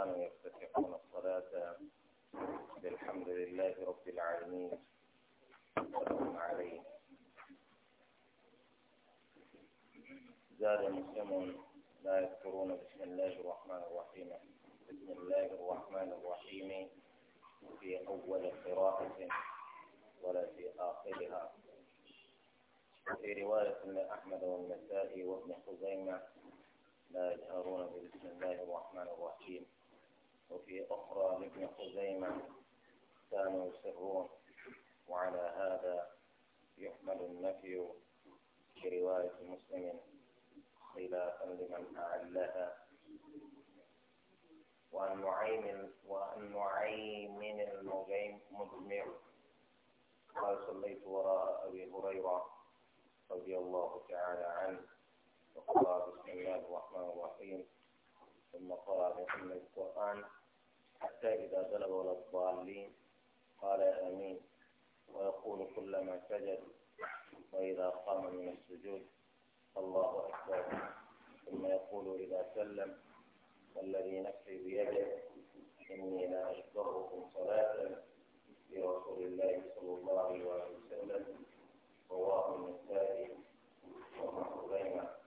كانوا يفتتحون الصلاة بالحمد لله رب العالمين والسلام عليه زاد مسلم لا يذكرون بسم الله الرحمن الرحيم بسم الله الرحمن الرحيم في أول قراءة ولا في آخرها في رواية لأحمد والنسائي وابن خزيمة لا يجهرون بسم الله الرحمن الرحيم وفي أخرى لابن خزيمة كانوا يصرون وعلى هذا يحمل النفي في رواية مسلم خلافا لمن أعلها وعن نعيم وعن نعيم المجمع قال صليت وراء أبي هريرة رضي الله تعالى عنه وقال بسم الله الرحمن الرحيم ثم قرأ بأم القرآن حتى إذا بلغ الضالين قال آمين ويقول كلما سجد وإذا قام من السجود الله أكبر ثم يقول إذا سلم والذي نفسي بيده إني لا أشكركم صلاة لرسول الله صلى الله عليه وسلم رواه النسائي ومن خزيمة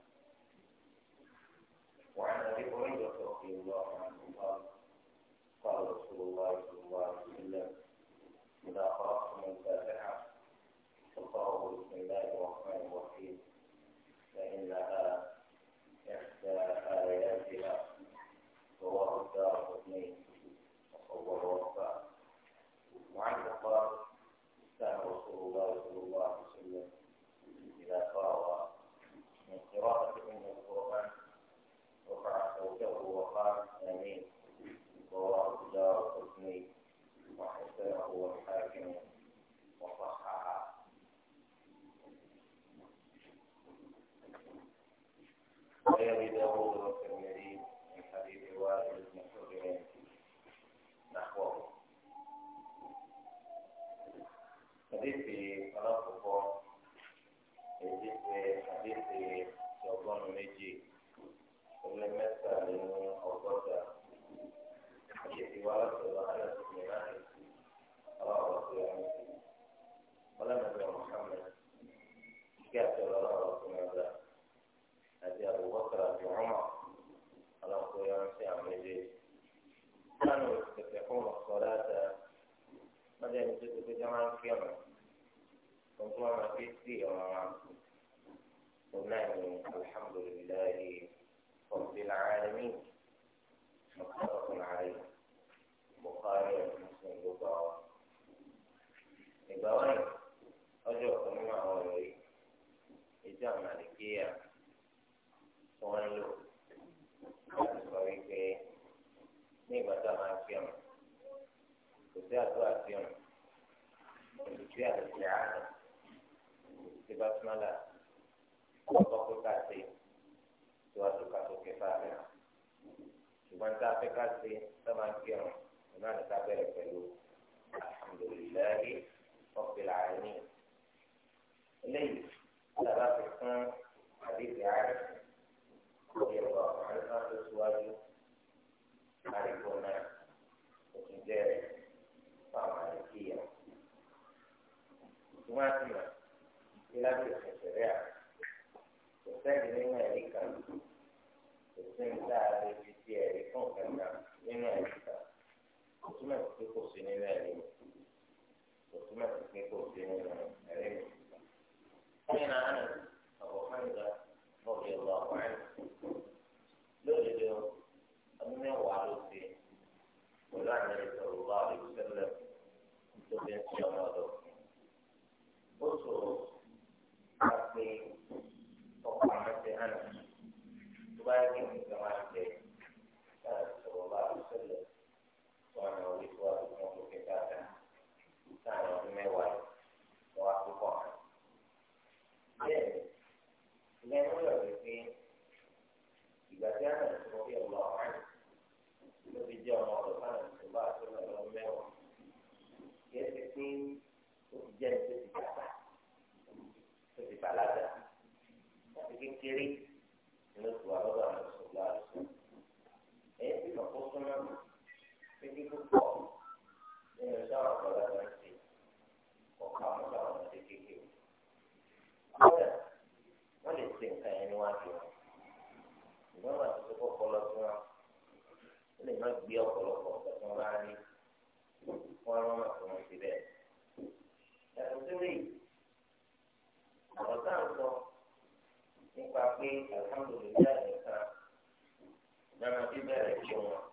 rẹ̀ kí wọn.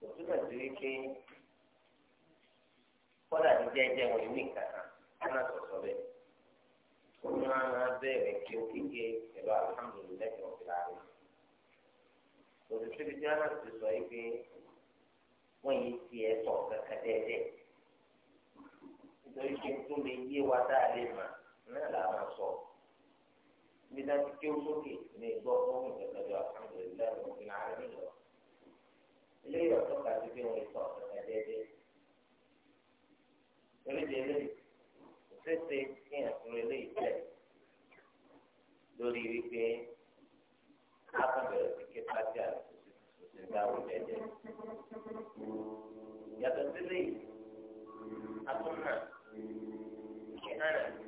Kò túbọ̀ sí wípé kọ́dà ní jẹ́jẹ́ wọn ìwé ìkàkà kọ́nà sọ̀sọ̀ bẹ́ẹ̀. Ó ní wọn máa bẹ̀rẹ̀ kí ó kéde pẹ̀lú alihamudulilayi ọ̀gbìn ààrẹ. Kò sí síbi tí wọ́n ti sọ wípé wọ́n yìí ti ẹ̀ sọ̀ kankan dẹ́dẹ́. Nítorí pé tó lè yé wa dáa lè mà náà làwọn sọ̀rọ̀ nígbà tí kí ó sókè ní ìgbọ́ fún ìgbàgbọ́ alhamdulilayi ló ń fi náà rẹ̀ lọ. eléyìí ọ̀tọ́ ká ti fi wọn ìtọ̀ ọ̀tọ̀ déédéé. torí di eléyìí òṣèṣe kí ẹ̀sùn eléyìí tẹ̀ lórí wípé a kàn bẹ̀rẹ̀ sí kí pátí àti òṣèṣe dáwọ́ jẹ́jẹ́. yàtọ̀ sílẹ̀ yìí a tún mọ̀ kí hàn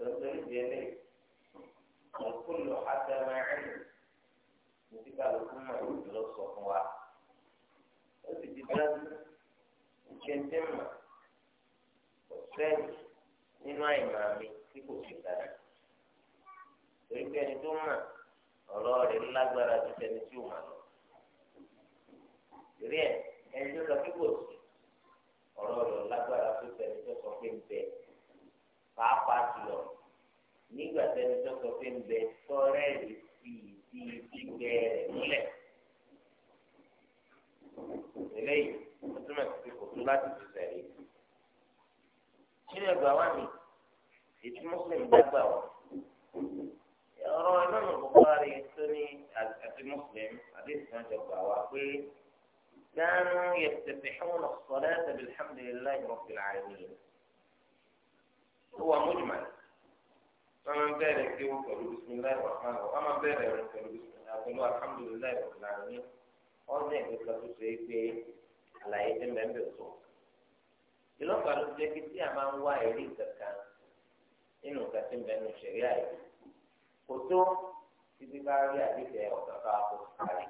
tòótòrí di ẹlẹ́ ọ̀kúlù àtẹmẹ́rin níbi kálukú mọ̀ ló sọ fún wa ó sì ti dájú ìkẹ́ńtẹ́ mọ̀ ọ̀sẹ́yìn nínú àìmọ̀ mi tí kò sì dára torí pé ẹni tó mọ̀ ọ̀rọ̀ rẹ̀ lágbára ju tẹni tí ò mọ̀ lọ. Ìrí ẹ̀ ẹni tó sọ pé kò sí ọ̀rọ̀ lágbára tó tẹni tó sọ pé ń bẹ pàápàá jùlọ nígbà tẹni tó sọ pé ń bẹ sọrẹ́ẹ̀lì sí ti gbígbẹ rẹ̀ múlẹ̀. eléyìí wọn túmọ̀ sí pé kò tó láti tù sẹ́yìn. nínú ẹgbàá wà mí ètí mùsùlùmí dágbà wà. ọ̀rọ̀ ìmáàmù Bukhari tó ní àti mùsùlùmí àti ìsìnàjọ gbà wá pé كانوا يفتتحون الصلاة بالحمد لله رب العالمين هو مجمل wọ́n máa ń bẹ̀rẹ̀ kéwù pẹ̀lú bisimilayi wà fún àwọn wọ́n máa ń bẹ̀rẹ̀ rẹ̀ pẹ̀lú bisimilayi pẹ̀lú alhamdulilayi wà fún àwọn ọ̀nà ìgbésẹ̀ tó so pé àlàyé ti mẹ́ bẹ̀ tó. ìlọ́pàá ló jẹ́ kí tí a máa ń wá ẹ̀rí kankan nínú nǹkan tí mẹ́ nu ṣẹ̀rí àyè kò tó títí bá rí àdìsẹ́ ọ̀kàkà àkókòkàrí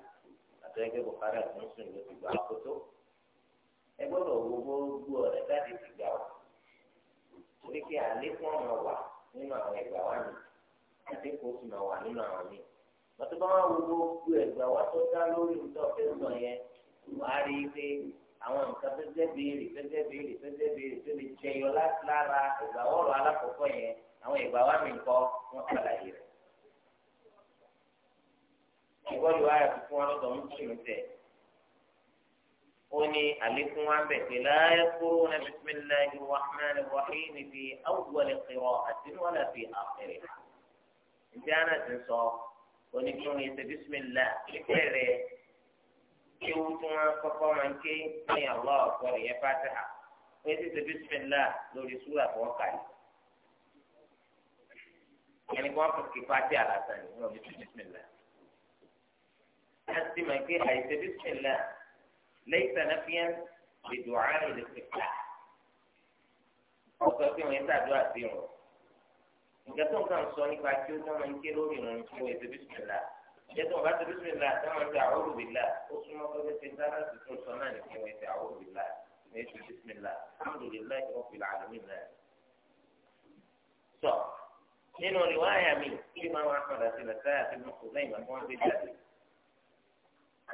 àtẹ̀gẹ́ bùkárí àti mùsùlùmí ló ti gbà àkótó ẹ gbọ́dọ̀ nínú àwọn ẹgbàá wa ni àdínkù sì máa wà nínú àwọn mi lọ́tọ́ bá wà wúlò gbogbo ẹgbàá wa tó dá lórí nǹkan ọ̀fẹ́ sọ yẹn wàá rí i pé àwọn nǹkan fẹ́fẹ́ béèrè fẹ́fẹ́ béèrè fẹ́fẹ́ béèrè tó lè jẹyọ lára ẹgbàá wọ́ọ̀rọ̀ alákọ̀ọ́kọ́ yẹn àwọn ẹgbàá wa mi kọ́ wọ́n ṣàlàyé rẹ̀ ìwọ́n lù أني ألف وعبك لا يذكرون بسم الله الرحمن الرحيم في أول قراءة ولا في آخرها إن كانت إنصاف ونكون بسم الله لكره يوتما فقوما كي أي الله أكبر يا فاتحة ويسي بسم الله لولي سورة وقال يعني قوافق كفاتي على ثاني بسم الله أستمع كي أي بسم الله ليس نفيا لدعاء الاستفتاح ọsọ pé wọn yẹn sàdúrà sí wọn nǹkan tó nǹkan sọ nípa kí ó tó máa ń ké lórí ìrìn kí wọn ètò bísímìlà ìjẹ tó wọn bá ti bísímìlà tó máa ń fi àwọn olùbílà ó súnmọ́ tó fẹsẹ dáná tuntun sọ náà ní kí wọn ètò àwọn olùbílà ní ètò bísímìlà alhamdulillah ìwọ fìlà àlùmí náà. sọ nínú ìwà àyà mi kí máa máa padà sí lọ sáyà tí mo kò lẹ́yìn àti wọn gbé jáde.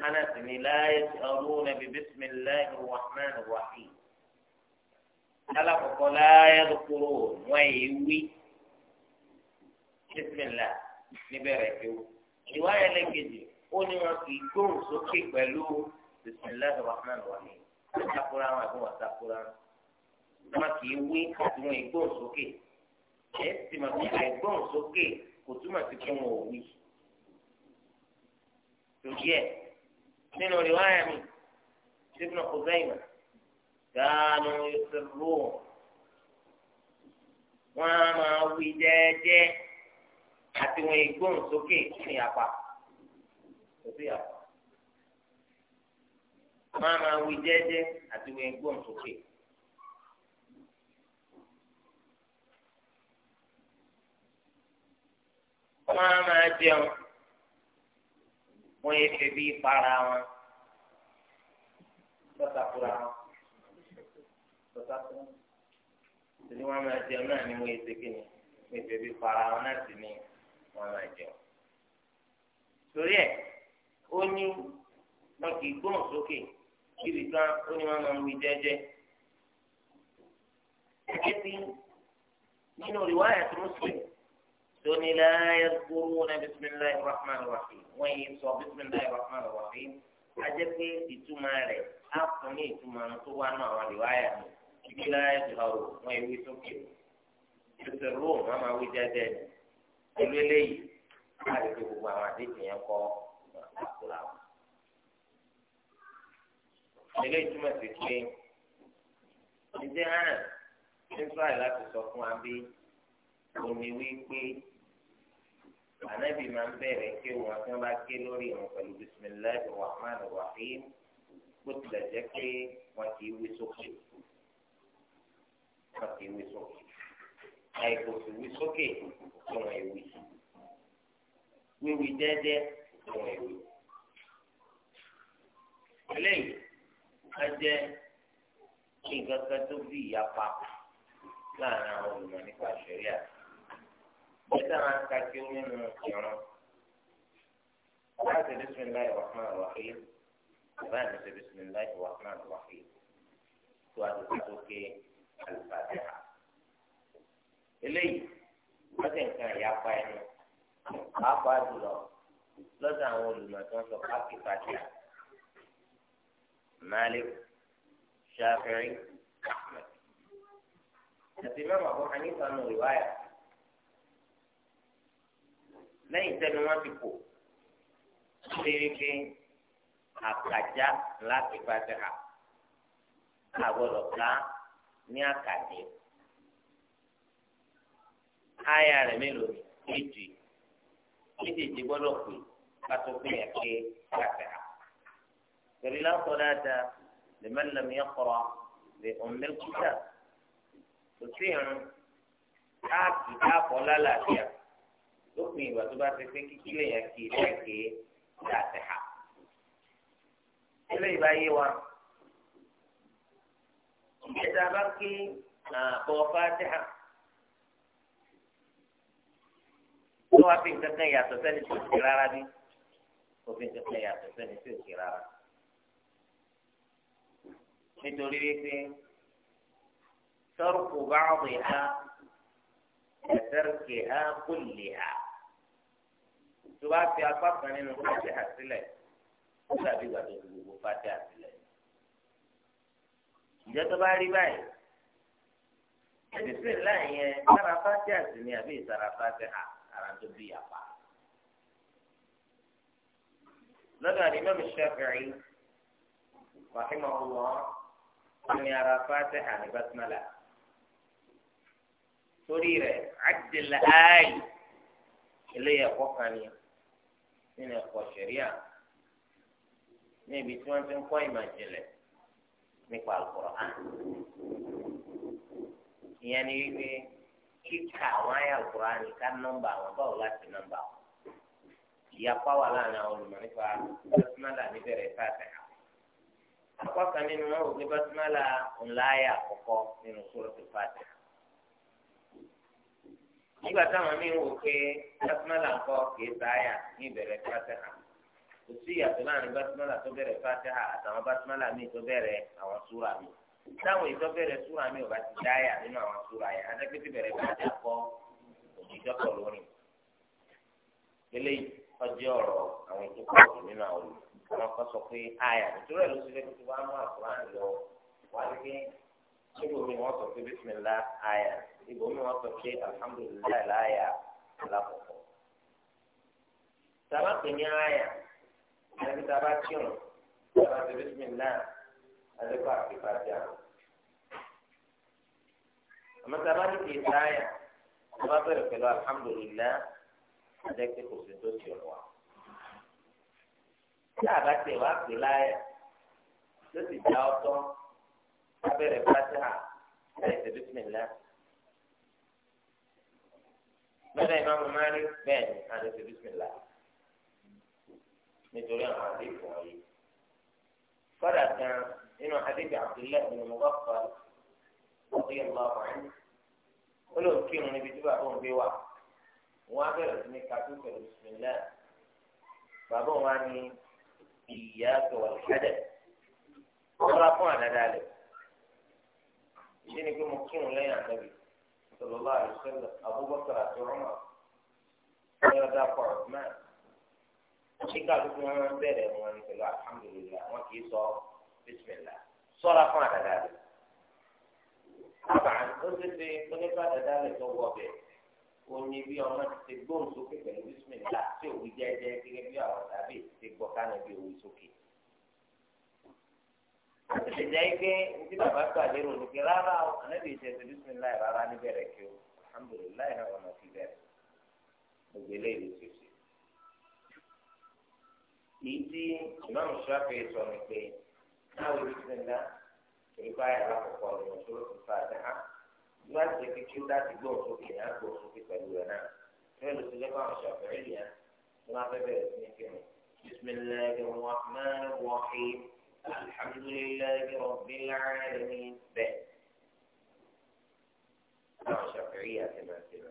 أنس لا يسألون ببسم الله الرحمن الرحيم alákọ̀ọ́kọ́ láyé lókòrò wọ́n yìí wí bísímìlá níbẹ̀rẹ̀ tó ìwà ẹlẹ́gẹ̀dẹ̀ ó ní wọn kì í gbóhùn sókè pẹ̀lú bísímìlá rahman rahim sakura wọn àbí wọn sakura wọn kì í wí àti wọn ìgbóhùn sókè ẹ sì máa fi àìgbóhùn sókè kò túmọ̀ sí pé wọn ò wí. torí nínú riwaya mi ibn Khuzaimah kanu yusirruun wọn a máa wí jẹ́ẹ́jẹ́ àti wọn ìgbóhùn sókè ní apá wọn yé fi bí para wọn lọ́tà fúra wọn lọ́tà fúra wọn tẹ̀lé wọn máa jẹun náà ni wọn yé segin ni wọn yé fi bí para wọn náà sì ni wọn máa jẹun torí ẹ̀ ó ní wọn kì í gbóhùn sókè kíbi kan ó ní wọn máa ń wí jẹ́jẹ́ ẹ̀jẹ̀ bí nínú rìwáyà tó ń sè é tóní láyé kúrú ní bisimilahi rahman rahim wọ́n yìí sọ bisimilahi rahman rahim ajẹ́ pé ìtumọ̀ rẹ̀ á fún ní ìtumọ̀ tó wà náà wà lè wáyà mi ìbí láyé jùlọ wọ́n yìí wí sókè ìṣẹ̀lẹ̀ rome wọ́n máa wí jẹ́jẹ́ ni pẹ̀lú eléyìí láti omi wí ànábì máa ń bẹ̀rẹ̀ kí wọn tí wọn bá ké lórí wọn pẹ̀lú bisimilahi rahman rahim bó tilẹ̀ jẹ́ pé wọn kì í wí sókè wọn kì í wí sókè àìkò sì wí sókè tó wọn èwì wíwí dẹ́dẹ́ tó wọn èwì. eléyìí á jẹ́ nǹkan kan tó bí ìyapa láàrin àwọn olùmọ̀ nípa ṣẹ̀ríà nígbà máa ń ka kí ó nínú ìran láti bisimilahi rahman rahim bàbá mi ṣe bisimilahi rahman rahim tó a ti ká sókè alifatiha eléyìí wọ́n ti nǹkan ìyapa ẹnu pàápàá jùlọ lọ́dọ̀ àwọn olùmọ̀tàn sọ káàkiri fatiha malik shafi'i ahmed àti mẹ́wàá bọ́ hanifa nù lẹ́yìn tẹnu wọn ti kò léèrè pé àkàjá láti pàṣẹ hà àgbọdọ̀ ká ní àkàdé àyà rẹ̀ mélòó méjì méjèèjì gbọ́dọ̀ pè kátó pé yẹn pé pàṣẹ hà torí láǹkó dáadáa lèmẹ́lì lẹ́mi yẹn kọ́ra lè ọ̀nẹ́kúta kò sí irun káàkiri káàkọ́ lálàáfíà lópin ìgbà tó bá ti pé kíkí lè yàn kí ilé ẹ̀kẹ́ láti hà. eléyìí bá yé wa ìjẹta bá kí àbọ̀ fàtíhà tó wá fi nǹkan kan yàtọ̀ sẹ́ni tó kì rárá bí kò fi yàtọ̀ sẹ́ni tó kì rárá. nítorí wípé sọ́rùkù bá ọ̀rẹ́ ha ẹ̀sẹ̀rùkì ha kò lè ha tó bá fi apá kan nínú fàtí àtìlẹ̀ ó dàbí ìgbà tó fi gbogbo fàtí àtìlẹ̀. ìjọ tó bá rí báyìí ẹbí sì láì yẹn sára fàtí àtì ni àbí ìsára fàtí hà ara tó bí apá. lọ́dọ̀ àdìmọ́mù Shafi'i rahimahullah wọ́n ní ara fàtí hà ní basmala torí rẹ̀ àdìlẹ̀ ààyè eléyà ẹ̀kọ́ kan ni nínú ẹ̀kọ́ ṣẹ̀ríà ní ibi tí wọ́n ti ń kọ́ ìmọ̀ ìjìnlẹ̀ nípa Al-Qur'an ìyẹn ni wípé kíkà àwọn ayé Al-Qur'an ká nọ́mbà àwọn báwo láti nọ́mbà wọn ìyapa wà láàrin àwọn olùmọ̀ nípa bàtúmálà níbẹ̀rẹ̀ fàtẹ̀hà apá kan nínú wọn ò gbé bàtúmálà ńlá ayé àkọ́kọ́ nínú Suratul Fatiha nígbà táwọn míín wò pé basmala ńkọ́ kìí sáyà ní ìbẹ̀rẹ̀ fatiha kò sí ìyàtọ̀ láàrin basmala tó bẹ̀rẹ̀ fatiha àtàwọn basmala míín tó bẹ̀rẹ̀ àwọn súra mi táwọn ìjọ bẹ̀rẹ̀ súra mi ò bá ti dáyà nínú àwọn súra yẹn adágbèsè bẹ̀rẹ̀ fatiha kọ́ òjijọ́ pọ̀ lórí eléyìí ọjọ́ ọ̀rọ̀ àwọn ètò pọ̀ nínú àwọn olùkọ́ wọn kọ́ sọ pé àyà nítorí ibòmí wọn sọ pé alhamdulilayi láàyà alákòókò. sábà pè ní àyà ẹni sábà kírun sábà tó bismillah adékò àkìfà jà. àmọ́ sábà ní kì í sáyà sábà bẹ̀rẹ̀ pẹ̀lú alhamdulilayi adékò kò sí tó ti rọ̀ wá. tí a bá tẹ̀ wá pè láyà tó sì já ọ́ tán sábẹ̀rẹ̀ pátá láì ṣe bismillah lọ́dọ̀ ìmáàmù Malik bẹ́ẹ̀ ni a lè fi bísímìlá nítorí àwọn àdéhùn wọ̀nyí. kọ́dà kan nínú àdéhùn Abdullah bin Mughaffal ọ̀dọ́ yẹn lọ àwọn ẹni. ó lóun kírun níbi tí bàbá òun gbé wà. wọ́n á bẹ̀rẹ̀ sí ní kakú pẹ̀lú bísímìlá. bàbá òun á ní ìyá sọ̀rọ̀ ìṣẹ́dẹ̀. ọ̀rọ̀ fún àdáda rẹ̀. ìdí ni pé mo kírun lẹ́yìn àtẹ̀bí sallallahu alaihi wasallam abubakar àti ọmọ ní ọdá kọ ọdún kíkà gbogbo wọn máa ń bẹ̀rẹ̀ wọn ní pẹ̀lú alhamdulillah wọn kì í sọ bismillah sọ́ra fún àdàdà rẹ̀ àbàn ó ti ṣe onípa àdàdà rẹ̀ tó wọ bẹ̀ ó ní bí ọmọ ti ṣe gbóhùn sókè pẹ̀lú bismillah tí òwú jẹ́jẹ́ gẹ́gẹ́ bí àwọn tàbí ti ṣe gbọ́ bí òwú sókè. àti lè jẹ́ pé tí bàbá gbàdé rò ní pé rárá o ànábì ìṣe bisimilayi rárá níbẹ̀rẹ̀ kí o alhamdulilayi náà wọn ti bẹ̀rẹ̀ gbogbo eléyìí ti ṣe. èyí tí ìmáàmù Ṣáfi'í sọ ni pé náà bisimilá ìgbà yàrá kọ̀ọ̀kan ni wọ́n tó ti fa àdáhà ìgbà tí kí kí ó láti gbọ́ òsókè náà gbọ́ òsókè pẹ̀lú náà ló ti الحمد لله رب العالمين ب شافعية كما كما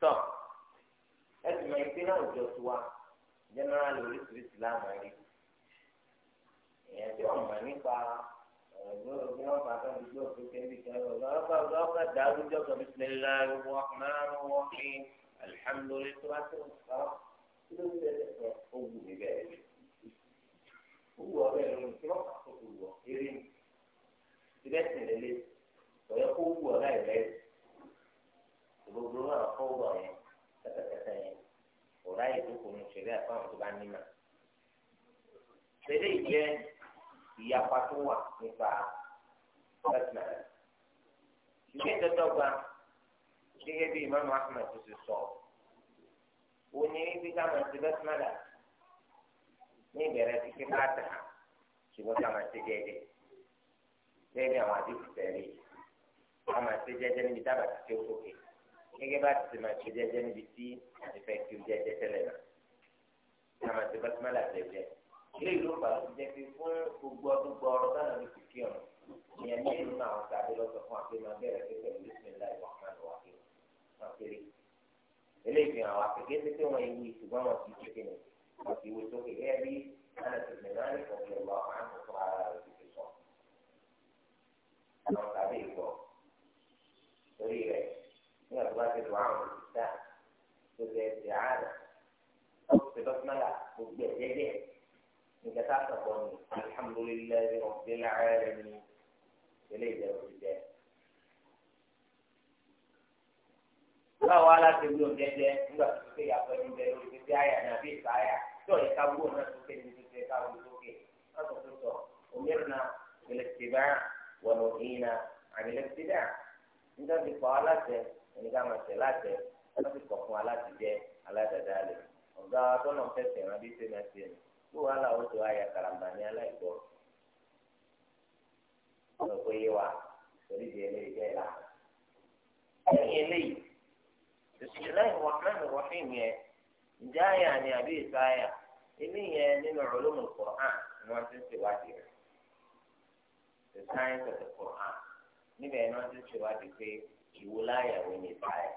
طب أجمع بنا وجوتوا جماعة لوليس الإسلام عليك يعني بسم الله الرحمن الرحيم الحمد لله رب العالمين owó ọbẹ̀ ló ń tí wọ́n kà tó wù ọ́ lélẹ̀ ọ̀yọ́ kó wù ọ́ láì gbogbo náà kọ́ wù ọ́ yẹn tẹ́tẹ́tẹ́tẹ́ yẹn ọ̀rá ìdókò ní ìṣẹ̀lẹ̀ àfáwọn tó bá ní mà. Ṣẹlẹ̀ ìjẹ́ ìyapa tó wà nípa ẹ̀sìn àlẹ́. Ìgbé gẹ́gẹ́ bí Imam Ahmed ti sọ, ó ní bí ká ti bẹ́sìn àti ní ìbẹ̀rẹ̀ títí pátá ṣùgbọ́n tí a máa ṣe jẹ́jẹ́ bẹ́ẹ̀ ni àwọn àdìsí tẹ̀lé a máa ṣe jẹ́jẹ́ níbi tá a bá ti ṣe òkè gẹ́gẹ́ bá ti ṣe máa ṣe jẹ́jẹ́ níbi tí a ti fẹ́ kí o jẹ́jẹ́ tẹ́lẹ̀ náà tí a máa ṣe bátímọ́lá jẹ́jẹ́ ilé ìlú pa ló ti jẹ́ pé fún gbogbo ọdún gbọ́ọ̀rọ̀ sáà ní kìkì ọ̀run ìyẹn ní ìlú náà وفي وجوه أبي أنس بن مالك رضي الله عنه قال في الصوم أنا قابل الصوم طريقة هي صلاة الدعاء والاستفتاح والاستعانة أو في بسملة والجهد إذا تعتقد الحمد لله رب العالمين إليه ده الرجال báwo aláṣẹ bí oúnjẹ jẹ nígbà tó ṣe yàtọ̀ oúnjẹ lórí títí àyà ní àbí ìta àyà tí ọ̀yẹ́ ká wúwo náà sókè ní ibi tẹ̀ ká wúwo sókè wọ́n sọ pé sọ òmìnira ìlẹ̀kìtìbá wọ̀nà ìyìnà àmìlẹ̀kìtìbá nígbà tí kọ́ aláṣẹ ẹnìkan máa tẹ̀ láṣẹ wọ́n ti kọ̀ fún aláṣẹ jẹ́ aládàáda rẹ̀ ọ̀gá tọ́nà fẹsẹ̀ rán bí sẹ́mi àti ẹ̀mí tó wàá làwọn tó ayà karambà ní aláìgbọ́ ọ̀nà pé yé wa torí di eléyìí bẹ́ẹ̀ la ẹ̀yìn eléyìí bisimilayi rahman rahim yẹn ǹjẹ́ àyà ni àbí ìsáyà ilé yẹn nínú ulumul Qur'an ni wọ́n ti ń ṣèwádìí rẹ̀ the science of the Qur'an níbẹ̀ ni wọ́n ti ń ṣèwádìí pé ìwúláyàwó ni báyìí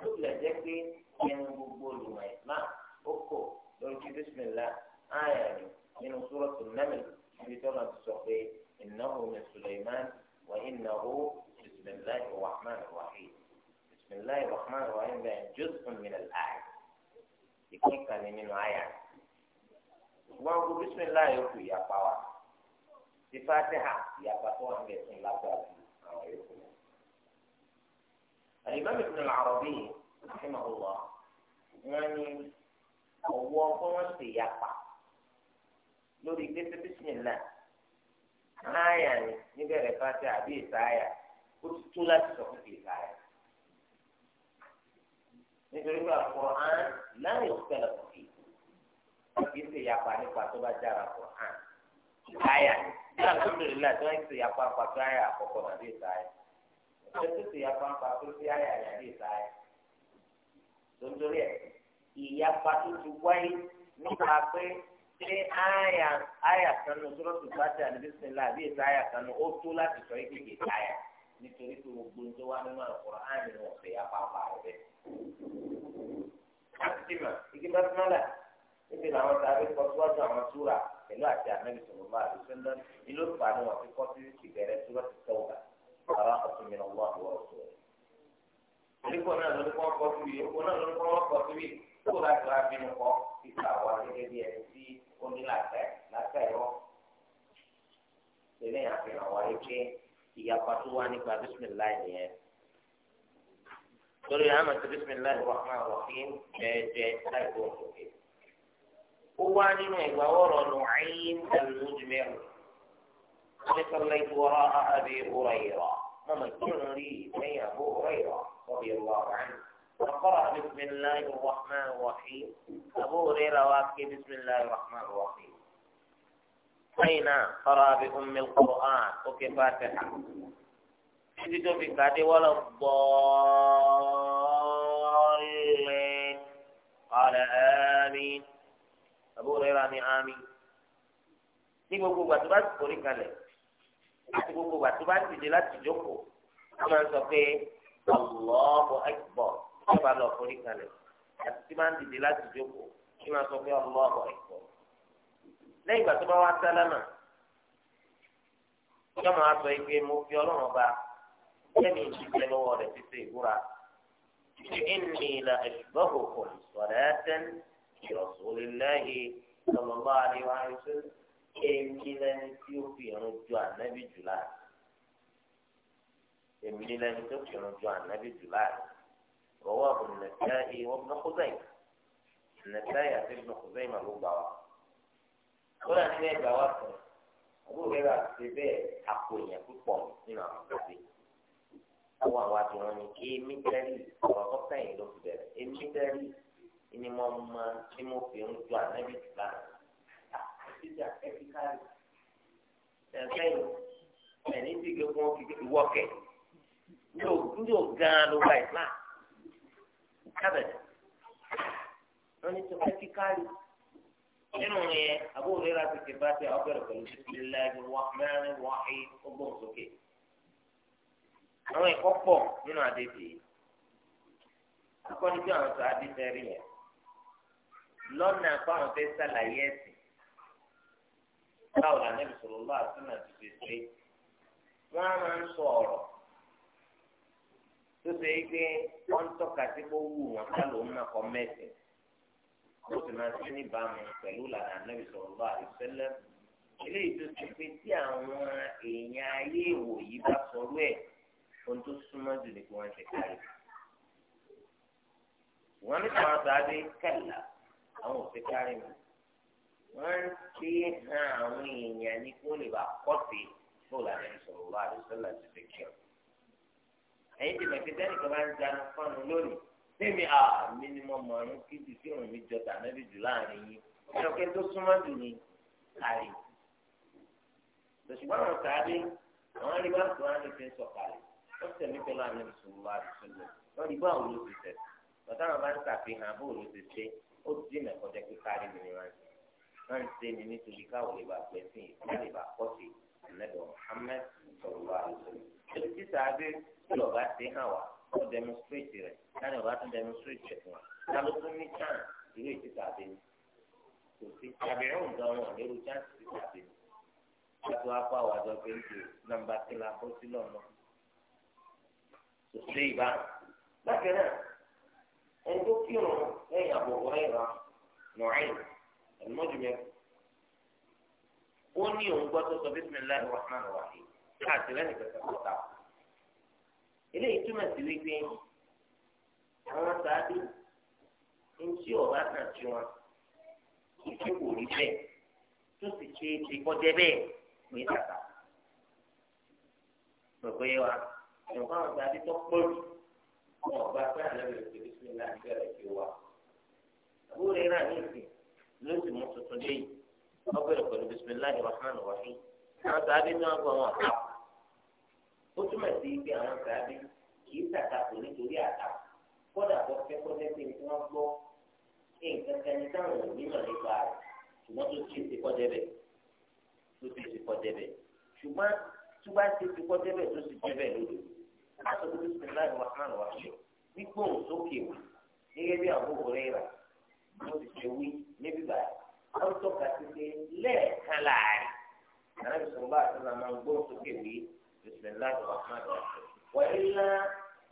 tó lè jẹ́ pé ẹnu gbogbo olùmọ̀ islam ó kò lórí ti bísímìlá ayà ni nínú súrọ̀tù nẹ́mì níbi tó náà ti sọ pé ìnáwó ni suleiman wà ìnáwó bísímìlá ìwàhmán ìwàhí bísímìlá ìwàhmán ìwàhí bẹ́ẹ̀ jùsùn mi nà láàyè ìpín kan nínú ayà ṣùgbọ́n gbogbo bísímìláì yòókù ìyapa wa ti fatiha ìyapa tó wà nílẹ̀ fún lágbára àwọn yòókù lọ. Al-Imam Ibn al-Arabi rahimahullah wọn ní ọwọ́ kó wọ́n ṣe ìyapa lórí gbèsè bísímìláì náàyà ni níbẹ̀rẹ̀ fatiha àbí ìsáyà ó ti tó láti sọ fún ìsáyà. nítorí pé Al-Qur'an la yukhtalaf wọn kì í ṣe yapa nípa tó bá dára pọ̀ hàn ìtayà ní alhamdulilayi tí wọn kì í ṣe yapa nípa tó ayà àkọ́kọ́ náà bí ìtayà wọn kì í ṣe yapa nípa tó ṣe ayà yà bí ìtayà lóńtórí ẹ ìyapa tó ti wáyé nípa pé ṣé ayà ayà kan ní sọ́dọ̀tù pàṣẹ àdébísìn láàbí ìtayà kan ní ó tó láti sọ ìkéde ìtayà nítorí pé gbogbo ń tó wá nínú àkùrọ̀ àmì wọn ṣe yapa nípa rẹ̀. láti níbi làwọn tàbí kọ síwájú àwọn súra pẹ̀lú àti ànábì sọ̀rọ̀ bá àdúgbò ńlá ìlú ìfà ni wọ́n fi kọ́ sí ìbẹ̀rẹ̀ súra ti tọ́ ọ̀gá ara ọ̀sùn mi lọ́wọ́ àbúrò ọ̀sùn rẹ̀. oníkó náà ló ní kó kọ́ síbi oníkó náà ló ní kó kọ́ síbi kó láti wá bínú kọ́ ìfà wà gẹ́gẹ́ bí ẹni tí ó ní làtẹ́ làtẹ́ ẹ̀rọ. ilé àfihàn wáyé pé ìyapa هو ما يقول نعيم المجمع صليت وراء أبي هريرة مما كان لي أي أبو هريرة رضي الله عنه وقرأ بسم الله الرحمن الرحيم أبو هريرة واكي بسم الله الرحمن الرحيم أين قرأ بأم القرآن وكفاتحة títí tó fi kàdé wọ́n lọ gbọ́ọ́lẹ̀ ọ̀rẹ́ Abu Hurairah ni àmín ní gbogbo ìgbà tó bá ti forí kalẹ̀ àti gbogbo ìgbà tó bá ti dé láti jókòó wọ́n máa ń sọ pé Allahu Akbar tó bá lọ forí kalẹ̀ àti tí máa ń dìde láti jókòó kí máa sọ pé Allahu Akbar lẹ́yìn ìgbà bá wá sálámà yọ máa sọ ike mo fi ọlọ́run ọba lẹ́mi ìṣiṣẹ́ lọ́wọ́ rẹ̀ ti ṣe ìbúra ṣe ń ní ilà ẹ̀ṣùgbọ́n kò kò sọ̀rọ̀ ẹ̀ رسول الله صلى الله عليه وسلم èmi lẹni tí ó fi irun ju ànábì jù láàrin èmi lẹni tó fi irun ju ànábì jù láàrin rọwọ́ àbùn nàìjíríà ìwọ bí wọn kó bẹ́ẹ̀ nàìjíríà àti bí wọn kó bẹ́ẹ̀ mà ló gbà wá ó yà ní ẹgbàá wá sọ àbúrò rẹ bá ti bẹ́ẹ̀ àpò púpọ̀ nínú àwọn ọmọdé àwọn àwọn àti wọn ni èmi tẹ́lẹ̀ ọ̀rọ̀ tó Ah, ni mo mọ tí mo fi ń ju ànábì jù lára ìjà ẹbí kárí ẹgbẹ́yìn ẹni tí gbogbo wọn fi ìwọ kẹ yóò gan ló gba ìfúnà kábẹ̀rẹ̀ wọn ní tó fẹ́ kí kárí nínú yẹn àbúrò rẹ̀ láti fi bá tẹ ọbẹ̀rẹ̀ pẹ̀lú bisimilahi rahmani rahim ọgbọ̀n sókè àwọn ẹ̀kọ́ pọ̀ nínú adébíyì akọ́ni bí àwọn sọ adé fẹ́ rí yẹn lọ́nà fáwọn fẹ́ sàlàyé ẹ̀sìn báwo la nẹ́bí sọ̀rọ̀ lọ́wọ́ àtúnà ti fi ṣe wọ́n á máa ń sọ ọ̀rọ̀ tó ṣe é pé wọ́n ń tọ́ka sí kó wù wọ́n ká ló ń nàkọ́ mẹ́sìn ó sì máa ṣe níbàámu pẹ̀lú lànà nẹ́bí sọ̀rọ̀ lọ́wọ́ àdìsẹ́lẹ̀ eléyìí tó ṣe pé tí àwọn èèyàn ayé ìwò yìí bá sọ̀rọ̀ ẹ̀ ohun tó súnmọ́ jù ní kí wọ́n ṣe káyọ̀ wọ́n ní sọ̀rọ̀ sáré kẹ́lá àwọn òfin kárí mi wọ́n ń fi hàn àwọn èèyàn ní kó lè bá kọ́sì bóòlù àdéhùn sọ̀rọ̀ wá àdùsọ́là ti fi kí ọ. ẹ̀yin ti mọ̀ pé sẹ́ni kan máa ń dánú fọ́nù lónìí sẹ́mi àmì ah, ni mo mọ̀ ọ́n kí ti fi hàn mí jọ tàbí jù láàrin yín ẹ̀rọ kí n tó súnmọ́ jù ní àrí. lọ́sùgbọ́n àwọn sáré àwọn arígbá tó wá ní fi ń sọ̀kalẹ̀ wọ́n tẹ̀lé pẹ̀lú àdéhùn sọ̀rọ̀ wá wọ́n rí bá òun ló ti tẹ̀ ó dínà kọjá pé káàdì mi ni wọ́n ti wọ́n ń ṣe ni nítorí káwọn lè bá pẹ́ sí ìgbà lè bá pọ̀ sí ẹ̀nẹ́dọ̀ Muhammad sọ̀rọ̀ wa lọ́sọ̀rọ̀ ẹni tí sàábé lọ́ba ṣe hàn wá ó dẹmọ́sítrètì rẹ̀ láti ọba tó dẹmọ́sítrètì rẹ̀ fún wa ta ló tún ní chance irú ètí sàábé ni kò sí sàábé rẹ̀ ń dán wọn nírú chance ti sàábé ni láti wá pa àwàdọ̀ pé tí la bọ́ sí lọ́nà kò sí ìbá bákan náà ẹni tó kírun lẹ́yìn àbọ̀wọ́ ẹ̀rọ nùáì ẹ̀mọ́jùmẹ́ ó ní òun gbọ́ tó sọ bísímìlá ìwàhánà wàhí káàtì lẹ́nu kẹta kọta eléyìí túmọ̀ sí wípé àwọn sáájú ń tí ọ̀rá kan tí wọn ìfẹ́ kò rí bẹ́ẹ̀ tó sì ṣe é ṣe kọjá bẹ́ẹ̀ pé tàtà pẹ̀pẹ́ wa nǹkan ọ̀gá àti tó pọ̀ jù wọn ọba pé ànábì òkè bísí náà bẹ̀rẹ̀ kí wa àbúrò rẹ̀ náà ní ìsìn ló sì mú tuntun dé yìí wọ́n bẹ̀rẹ̀ pẹ̀lú bisimilahi rahman rahim àwọn sàábí ní wọn gbọ́ wọn àpá ó túmọ̀ sí pé àwọn sàábí kì í ṣàtakò nítorí àtà kódà tó fẹ́ kó lẹ́sẹ̀ tí wọ́n gbọ́ nǹkan kan ní táwọn òbí náà nípa rẹ̀ ṣùgbọ́n tó ti ṣe kọ́ débẹ̀ tó ti ṣe kọ́ débẹ̀ ṣùgbọ́n tó bá ti ṣe kọ́ débẹ̀ tó ti débẹ̀ lódò àtọ́jú tó sẹ́lá ìwàhán wà ṣe gbígbóhùn sókè wò gẹ́gẹ́ bí àbúrò rẹ̀ rà ló ti ṣe wí níbí báyìí wọ́n tọ́ka sí pé lẹ́ẹ̀kan láàrin àná bìsọ̀ bá àtúnṣe máa ń gbóhùn sókè wí bìsọ̀lá ìwàhán wà ṣe wọ́n ilá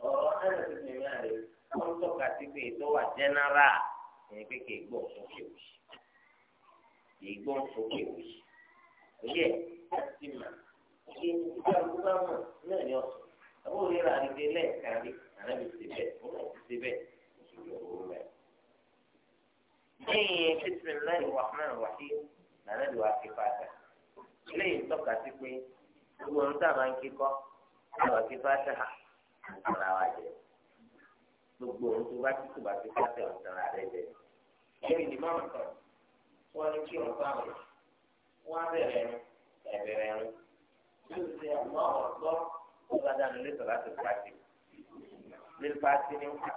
ọ̀rọ̀ ẹ̀rọ ti fi mìíràn rẹ̀ wọ́n tọ́ka sí pé ìtọ́wà jẹ́nẹ́rà ẹ̀ pé kì í gbóhùn sókè wì kì í gbóhùn sókè wì ó yẹ láti mà kí ní ọ̀sán àwọn òrìrà àdìgbé lẹ́ẹ̀kan rí ànábi ti bẹ̀ òun náà ti ti bẹ̀ mùsùlùmí òun mẹ́. lẹ́yìn bisimilayi rahman rahim nànábi wà fi fàtà lẹ́yìn tọ́ka sí pé gbogbo ohun tá a máa ń kíkọ́ àwọn fi fàtà àtàrà wa jẹ gbogbo ohun tó bá ti tó bá fi fàtà àtàrà rẹ jẹ. lẹ́yìn ìdìbò kan wọ́n ní kí wọ́n bá wọ́n á bẹ̀rẹ̀ ẹ̀bẹ̀rẹ̀ ẹ̀rùn yóò ṣe àwọn ọ̀gbọ́n tó bá dánu lé sọ̀rọ̀ àti pàṣẹ lé pàṣẹ ní wà.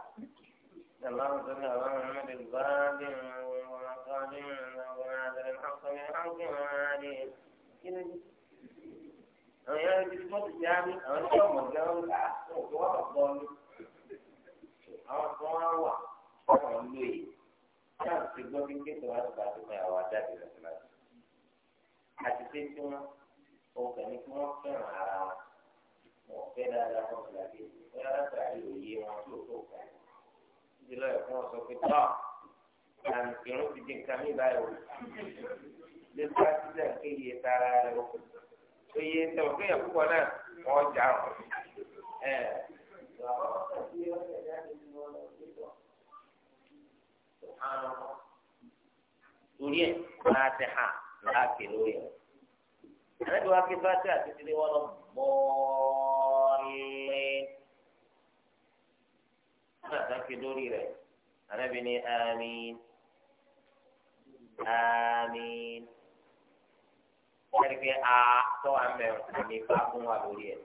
اللهم صل على محمد القادم والقادم وناظر الحق من حق وعليه àwọn yẹn ti fún ti já mi àwọn tí wọn mọ jẹ wọn ká wọn kò wọn bọ mi àwọn tí wọn wà wọn lóye náà ti gbọ́ bí kéde wọn ti bàtí fún àwọn ajáde lọ́sọ̀lọ́sọ̀ àti pé tí wọn òkè ni wọ́n fẹ́ràn ara wọn ọ̀fẹ́ dáadáa fún ìlàjì ní alátàrí òye wọn tó tó kà ní. ìdílé ẹ̀fọn sọ pé tọ́ àmì ti di nǹkan mi báyìí o. lè bá sílẹ̀ kí iye tara rẹ̀ o. iye tẹ̀wọ̀n kí èèyàn púpọ̀ náà wọ́n jà ọ́. ẹ̀ torí ẹ̀ láti hàn láti lórí ẹ̀. ẹ̀rẹ́dùn wa kí bá tẹ̀ àti tìlẹ̀ wọn lọ́mọ. الضالين أنا تنكي دوري رأي أنا بني آمين آمين كاركي آ تو أمي أمي فاكم وابولي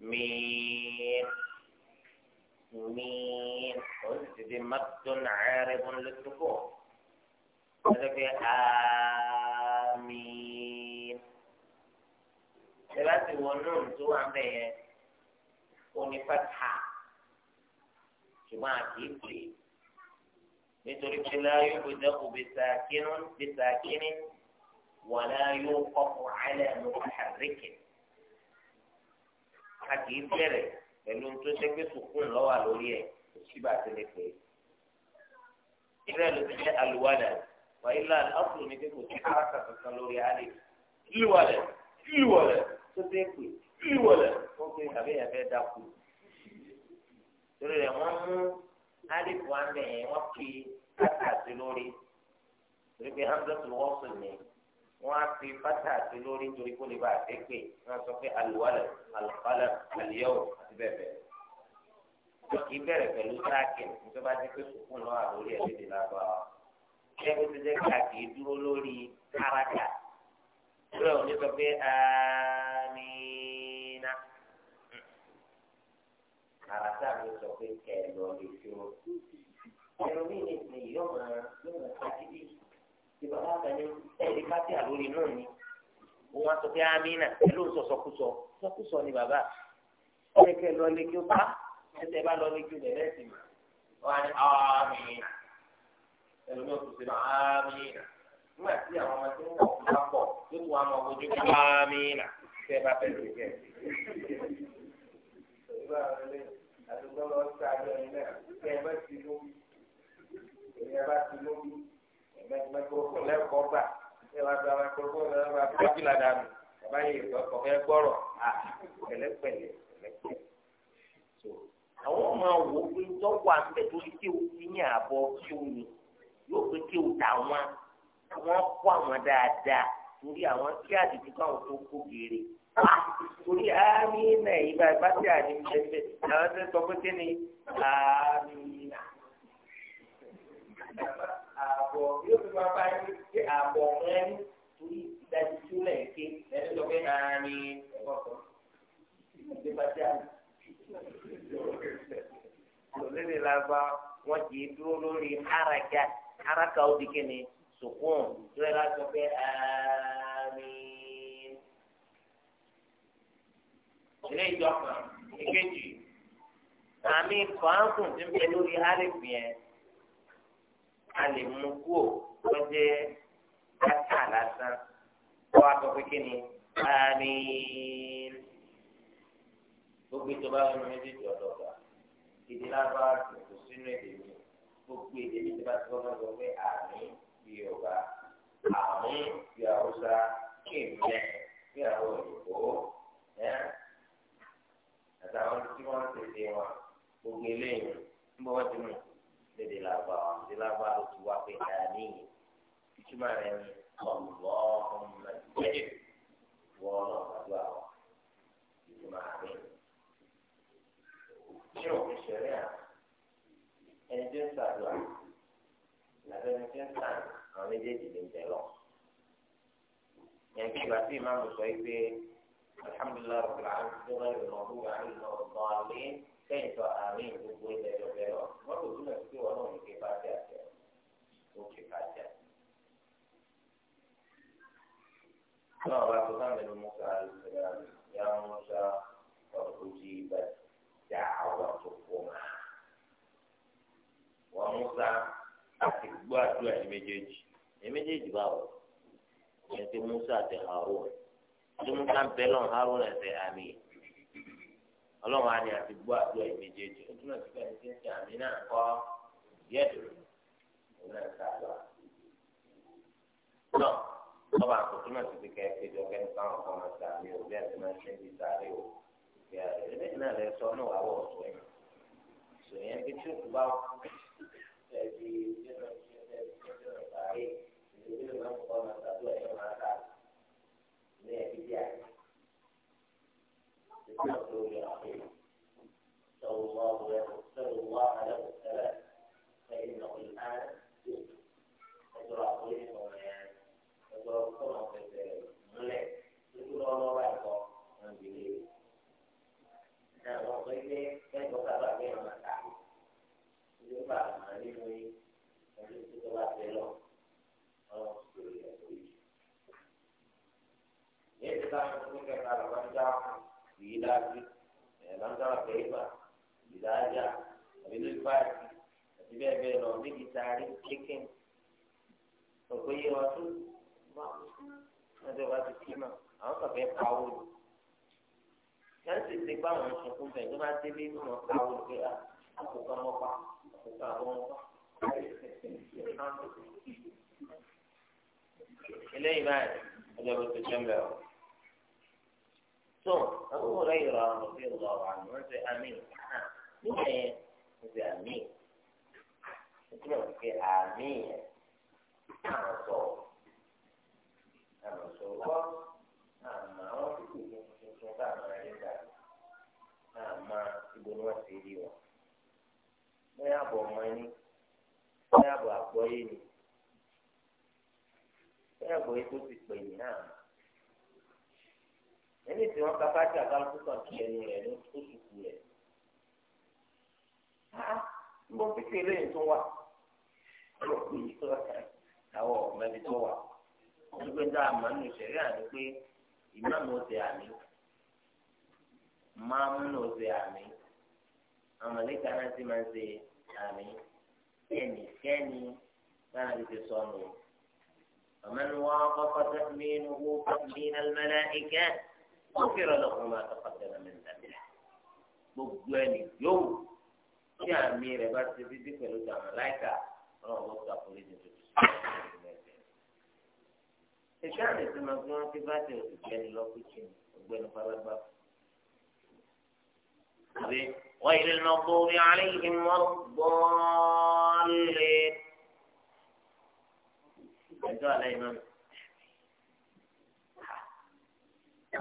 مين مين قلت دي مد عارض للسكون كاركي آمين tẹ̀lá ti wọ nùn tó wà mẹ́ yẹn fata ṣùgbọ́n àti ìpè nítorí pé láyé gbèdé kò bèsà kínú bèsà kíní wà láyé kọ́kọ́ alẹ́ ló kàkà rékè a kì í pẹ̀lú tó ṣe pé sùkúrù lọ́wọ́ lórí ẹ̀ kò síbà ti lè pè é. ìrẹ ló ti jẹ́ àlùwalẹ̀ wà ilà ọ̀sùn ní pé kò sí káàkà kankan lórí alẹ́ ìlúwalẹ̀ ìlúwalẹ̀. tó dé pè ìwọlẹ wọn pe tàbí yẹn fẹ́ dákú torí rẹ̀ wọ́n mú alifu amẹ yẹn wọ́n pe pátáàsì lórí torí pé hamzatu wọ́ọ̀sù ni wọ́n á fi pátáàsì lórí torí kó lè bá a dé pè wọ́n sọ pé aluwalẹ alufalẹ aliyẹwò àti bẹ́ẹ̀ bẹ́ẹ̀ lọ kì í bẹ̀rẹ̀ pẹ̀lú sáàkì nítorí bá ti pé sùkúù náà lórí ẹ̀ lédè lábá ṣé kó ti jẹ́ ká kì í dúró lórí káràkà lórí ẹ̀ òní sọ pé ẹ́ẹ́. àràtà mi sọ pé kẹ lè fi o ẹlòmíì ní ìsìn yóò máa yóò máa kájídì tí bàbá àgbàní ẹni kájí àlórí náà ni òun á sọ pé amínà ẹ ló ń sọ sọkúsọ sọkúsọ ni bàbá ẹ kẹ lè kí o bá ẹsẹ bá lọ lè kí o bẹ̀rẹ̀ sí ma wọn á ní amínà ẹlòmíì ò tún sí ma amínà nígbà tí àwọn ọmọ tí ń bọ̀ ń bá pọ̀ tó tún àwọn ọmọ ojú amínà tẹ bá bẹ̀rẹ̀ sí kẹ́ ẹ̀ àdúgbò lọ sí adé ẹni náà kí ẹ bá ti lóbi ẹ bá ti lóbi mẹkọrọfọ lẹkọọ gbà ẹ wá gba mẹkọrọfọ lẹkọọ gbà tó bá ti là dànù bàbá yìí ìgbọkọ fẹ gbọrọ à pẹ̀lẹ́pẹ̀lẹ́ pẹ̀lẹ́pẹ̀lẹ́ so àwọn ọmọ wo pé tọwọ àgbẹ tó ti kéwù ti ní àbọ kéwù ni yóò pé kéwù tàwọn àwọn kó àwọn dáadáa torí àwọn kí àdìgbò káwọn tó kó geere torí àmìnà ìgbà ìgbà tí a ní ṣẹṣẹ àwọn tó ń sọ pé kíni àmìnà. àbọ̀ yóò fi máa bá yín pé àbọ̀ rẹ̀ ní torí ìdájí tó lẹ̀ ké ẹni sọ pé àmì ọ̀pọ̀ ìgbà tí a ní. lórí làbá wọn kì í dúró lórí haraka haraka ó di ni, sùkúùn tó yẹ láti sọ pé àmì. ilé ìjọba ìkejì àmì kọ́ńtùn ti ń bẹ lórí hálìfì yẹn a lè mú kúò tó jẹ́ kátà lásán kó a sọ pé kí ni àmì gbogbo ìjọba ẹnu méjèèjì ọ̀dọ̀ ọ̀gá èdè lágbára kò sínú èdè mi gbogbo èdè mi ti bá ti gbọ́dọ̀ sọ pé àmì bí ọ̀gá àmì bí àwùsá kí n bẹ́ẹ̀ bí àwọn òyìnbó àtàwọn tí wọ́n ti ṣe wọn gbogbo eléyìí ń bọ́ wọ́n ti mú lédè làbà lédè làbà ló ti wá pé dání ìtumọ̀ rẹ̀ ni ọlọ́run mẹ́jẹ̀ wọ́n lọ àdúrà wọn ìtumọ̀ rẹ̀ ní òfin ṣẹlẹ̀ à ẹni tí ń ṣàdúrà làbẹ́ ẹni tí ń sàn àwọn méjèèjì ló ń bẹ̀ lọ. yẹn ìgbà tí ìmáàmù sọ yìí pé. الحمد لله رب العالمين غير المغضوب عليهم ولا الضالين كيف آمين بقوة الجبلون مرة دون في ونوم كيف أتاك وكيف أتاك لا لا تكمل موسى السلام يا موسى قد أجيبت دعوتكما وموسى أتكبر دعوة المجيج المجيج باو أنت يعني موسى تهارون ọdún ká bẹ lọ́n harun ẹsẹ̀ àmì ọlọ́run á ní àti gbọ́ àdúrà ìméjèèjì ó túnbọ̀ sí pẹ̀lú tí ń ṣe àmì náà kọ́ yẹ́dù ó náà ká lọ. náà ọba àpò túnbọ̀ sí pé kẹ́kẹ́ jọ kẹ́kẹ́ káwọn kan máa ṣe àmì òbí àti máa ṣe ń di sáré o ìgbé àrẹ lẹ́yìn náà lẹ sọ náà wà wọ̀ ọ̀tún ẹ̀ sọ yẹn ní ẹbí díà ìpínlẹ̀ tó yẹ ọ̀hún sọ̀rọ̀ wá wẹ̀ sọ̀rọ̀ wá alẹ́ kò tẹ̀lẹ̀ ẹ̀yìn náà ọ̀hún á yóò ẹ̀jọ̀ àkóyè sọ̀rọ̀ yẹn ẹ̀jọ̀ sọ̀rọ̀ fẹsẹ̀ múlẹ̀ títí lọ́wọ́ ẹ̀kọ́ ọ̀gbìnrin náà wọ́n pé pé ẹ̀jọ̀ sábà bí ọ̀nà tà ìdí الإنسان ممكن على رجع إلى رجع كيف إذا جاء من الفاتح أتبع بين أمي تعريف لكن فكي رسول ما هذا غادي كلمة أنا طبيعي قاول yẹn ti ti gbá àwọn ìṣẹ̀kùn bẹ̀ tó bá délé inú wọn káwọ́ ìgbé à àkókò ọmọpá àkókò àbọ̀mọpá. eléyìí báyìí ọjọ́ bó ti jẹ́ mbẹ́ o. So, Abu Hurairah radhiyallahu anhu wọ́n ṣe àmín nígbà yẹn wọ́n ṣe àmín ìtumọ̀ sí pé àmín yẹn àwọn sọ àwọn sọ wọ́ àmọ́ àwọn títí yẹn tuntun bá àwọn ẹ̀rí gbà àmọ́ ibo ni wọ́n ti rí wọn. bóyá àbọ̀ ọmọ ẹni bóyá ni ẹni tí wọn kápá tí àbá kú kàn kí ẹnu rẹ ní oṣù kù rẹ mo pípé lẹ́yìn tó wà lọ pé àwọn ọmọdé tó wà nígbà tá a máa ń lò sẹrí àná pé ìmáàmù ọsẹ àmì máàmù ọsẹ àmì àmàlẹ́kà náà ti máa ń ṣe àmì ẹnikẹ́ni náà ti ti sọnù. ومن وافق تأمينه تأمين الملائكة wọ́n fẹ́ràn lọ́kùnrin máa tọ́kọ̀ tẹ̀lé mi nígbà gbogbo ẹni yóò tí àmì rẹ̀ bá ti dídí pẹ̀lú àwọn láìka ọlọ́run ló ta foríjì tó ti sọ ẹ̀ṣẹ́ àmì tí màá gbọ́n fi bá tẹ̀ òṣìṣẹ́ni lọ́kùnjì ọgbẹ́ni pálágbá. غير المغضوب عليهم ولا الضالين.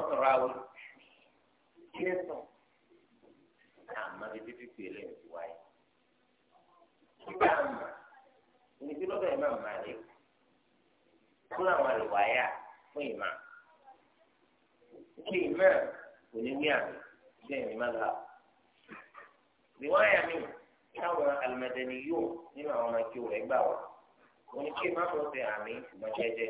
ọ̀ràwọ̀ ilé sàn àmọ́ ibi títí eléyìí ti wáyé. Ìgbà àmà ní kí lọ́dọ̀ ìmáà Malik fún àwọn àlùwáyà fún ìmáà. Kí ìmáà kò ní wí àmì bẹ́ẹ̀ ni má gbà. Ìwáyà mi táwọn alùmọ̀dẹ́ni yóò nínú àwọn ọmọ ìkí rẹ̀ gbà wọ́n. Mo ní kí ìmáà mọ̀ fẹ́ àmì ìmọ̀ jẹ́jẹ́.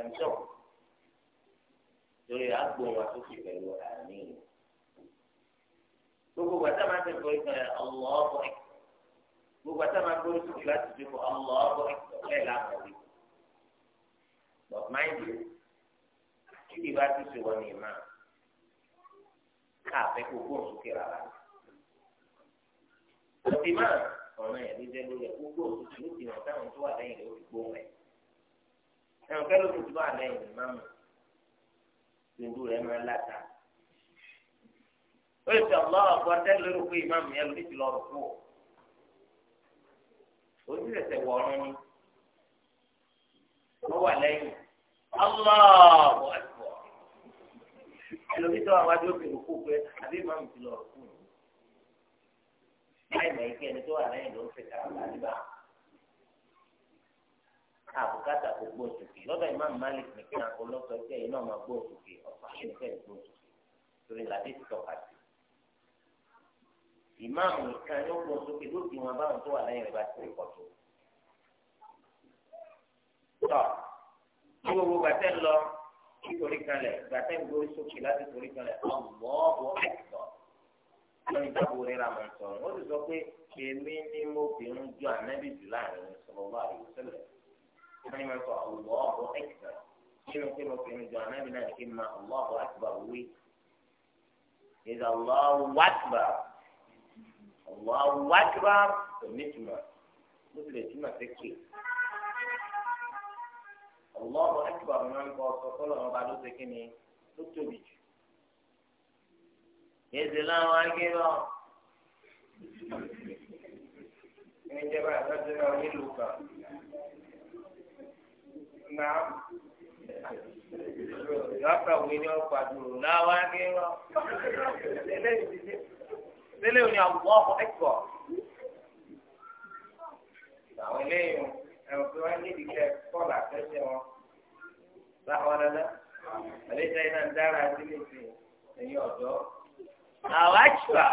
ẹnjọ lórí agbóhùn asókè pẹ̀lú àmì gbogbo gbàtà máa ń tẹ̀ fún ìtàn ọmọ ọmọ ẹ gbogbo àtàwọn agbóhùn sókè láti dé fún ọmọ ọmọ ẹ làwọn rí but mind you kí ni bá ti ṣe wọn ní ìmọ̀ káàfẹ́ kó gbóhùn sókè rárá òtí máa ọ̀nà ẹ̀ ló jẹ́ lórí ẹ̀ kó gbóhùn sókè ló ti hàn táwọn tó wà lẹ́yìn lórí gbóhùn ẹ̀. ẹ̀wọ̀n kẹ́lẹ́ omi ti bá lẹ́yìn ìmáàmù gbèndú rẹ̀ máa láta. ó lè fi ọ̀gbọ́n tẹ́lẹ̀ lórí pé ìmáàmù yẹn lórí ti lọ fún ọ. ojú ẹsẹ̀ wọ̀ ọ́rùn ni ó wà lẹ́yìn ọlọ́ọ̀bù ẹlòmí tó àbùkátà kò gbóòsùkè lọ́dọ̀ imam malik nìkan olóòtú ẹgbẹ́ yìí náà máa gbóòsùkè ọ̀pọ̀ àṣẹfẹ́ gbóòsùkè torí làdé ti tọ́ka sí. imam nìkan yóò gbóòsùkè ló di wọn báwọn tó wà lẹ́yìn rẹ̀ bá ti rìn pọ̀tó. tọ́ ní gbogbo gbàtẹ́ lọ kí torí kalẹ̀ gbàtẹ́ ń gbórí sókè láti torí kalẹ̀ ọ̀gbọ́ọ̀bọ̀ ẹ̀kọ́ lórí ìjábọ̀ rẹ̀ ra mọ̀ sọ̀rọ̀ ó sì sọ pé èmi ni mo bìnrin ju ànábì jù láàrin sọ̀rọ̀ wà ìbáni máa ń sọ Allahu Akbar nínú pé mo fi ń jọ anábì náà ní kí n máa Allahu Akbar wí. ìdá Allahu Akbar Allahu Akbar kò ní túmọ̀ bó tilẹ̀ túmọ̀ sí pé Allahu Akbar máa ń kọ ọsọ kọ́lọ̀ ọba ló ṣe kí ni ló tóbi jù. yéèzì láwọn agbébọ̀ ẹni jẹ́ báyìí lọ́sẹ̀ náà nílùú kan. náà lọ́kàwé ọ. lélẹ́yìn ni àwọn àwọn eléyìí ẹ̀rọ pé wọ́n ní ìdíkẹ́ kọ́ọ̀lù àtẹ́sẹ̀ wọn. báwọn dáná àlejò iná ń dára sí lèsè ẹ̀yìn ọ̀dọ́. àwọn àjùbà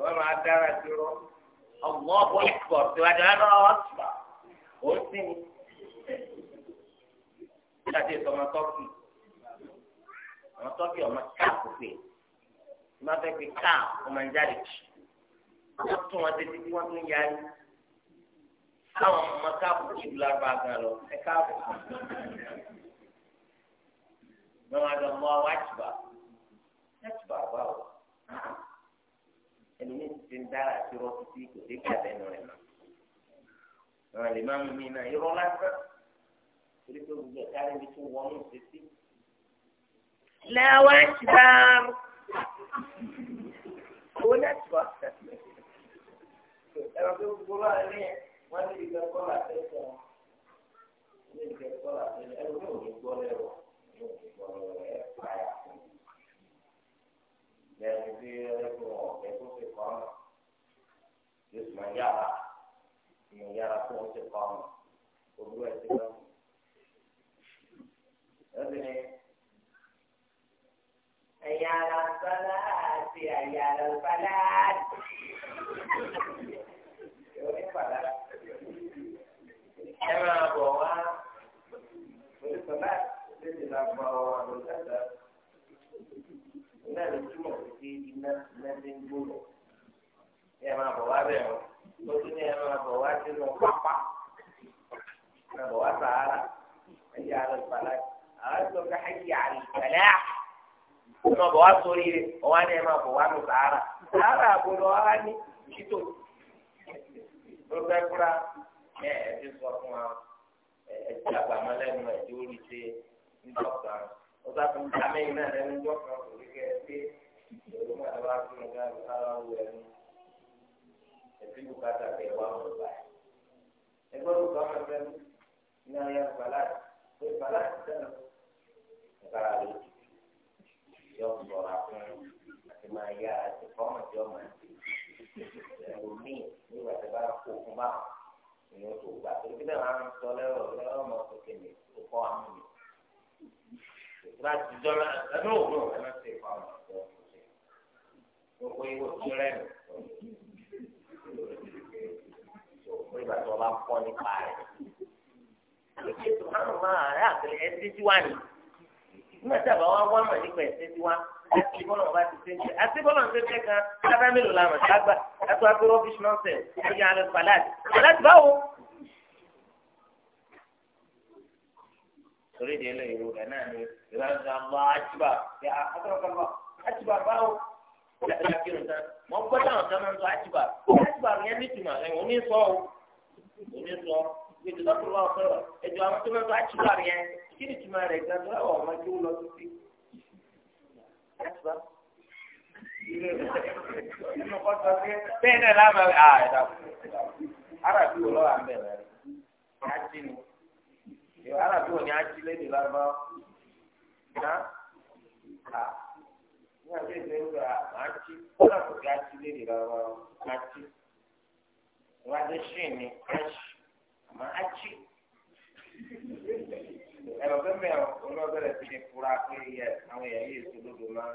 wọ́n máa dára sí Allahu Akbar tiwájú ẹ̀rọ ọ̀tùbà ó sì ní. Ṣáàtì ètò ọmọ tọ́kì ọmọ tọ́kì ọmọ káàpù pé tí wọ́n fẹ́ pe káàpù ọmọ ń jáde jù. Wọ́n tún wọn tètè tí wọ́n tún yarí. Táwọn ọmọ káàpù kì í gan lọ ẹ káàpù. Wọ́n wá lọ mọ́ ọwọ́ àtùbà. Àtùbà báwo? ẹlòmíì ti ń dára sí irọ́ títí kò dé gbà lẹ́nu rẹ̀ mọ́. àwọn àlè máa ń mú mi náà irọ́ lásán torí pé gbogbo ẹ̀ka rẹ̀ mi tún wọnú ìṣesí. lẹ́wọ́n ti bá a owó náà ti wá. ẹ̀rọ tó gbogbo wa rí wọ́n ti di gbẹ́kọ́ àtẹ̀sẹ̀ wọn. ọwá sórí rẹ ọwá ni ẹ máa bọ̀ wá ní sàárà sàárà àbúrò ọwá ní títò rọgbẹkura ẹ ẹ ti sọ fún wa ẹ ẹ ti àgbàmọ lẹ́nu ẹ ti orí ṣe ńdọkà ó bá tún ká mẹ́yìn náà lẹ́nu ńdọkà kò rí kẹ ẹ pé ìlú máa wá fún mi ká lóka wá wú ẹnu ẹbí bùkátà kẹ wá wọn bá ẹ ẹgbẹ́ ló kọ́ ọmọ ẹgbẹ́ ní ayé balá pé balá ti sẹ́nu ìkàrà lójú tí ó sọ̀rọ̀ fún àti máa yá àti fọ́ọ̀mù tí ó máa ti ẹ̀rù míì nígbà tí bá kó fún bá ìyẹn tó gbà tó kí náà ń sọ lẹ́rọ lẹ́rọ ọmọ òkè mi tó kọ́ àmì mi. ìtura ti jọ náà ẹnu òun ò lẹ́nu sí ìfọ̀ àwọn ọ̀dọ́ gbogbo ìwé tó lẹ́nu. nígbà tí wọ́n bá kọ́ nípa rẹ̀. ìṣètò hàn máa rẹ̀ àtẹ̀lẹ́ ẹ́ nígbà tí àbá wa wá mọ̀ nípa ẹ̀sìn tí wá àti bọ́lọ̀ bá ti ṣe ń ṣe àti bọ́lọ̀ ṣe fẹ́ kan lábẹ́ mélòó la mọ̀ sí àgbà àti wàá fi rọ́bìṣì náà sẹ̀ ẹ̀yà rẹ̀ fàlàdì fàlàdì báwo. torí ìdí ẹlẹ́yìn ìlú rẹ̀ náà ni ìlànà àmọ́ àjùbà àtọ́kọ̀lọ́ àjùbà báwo. ìyá kí nìkan mọ̀ ń gbọ́dọ̀ àwọn kan máa ń sọ àjùbà àjùbà yẹn nítumọ̀ ẹ̀ ìdúdókòrò wa sọ̀rọ̀ ẹjọ àwọn tó mẹtọ àtúbà rẹ kí ni tìmọ rẹ gan tó àwọn ọmọ tó lọ sí. bẹ́ẹ̀ náà lábàá rẹ̀ àà ẹ̀dá arábí wo lọ́wọ́ àmì rẹ̀ ájí ni ni lábàá ní àti ń gbà kò lábàá wọ́n àmọ́ á jì ẹ̀rọ fẹ́ mẹ́rin olóòbẹ̀rẹ̀ sí ni fura pé yẹ àwọn èèyàn yìí èso lódò máa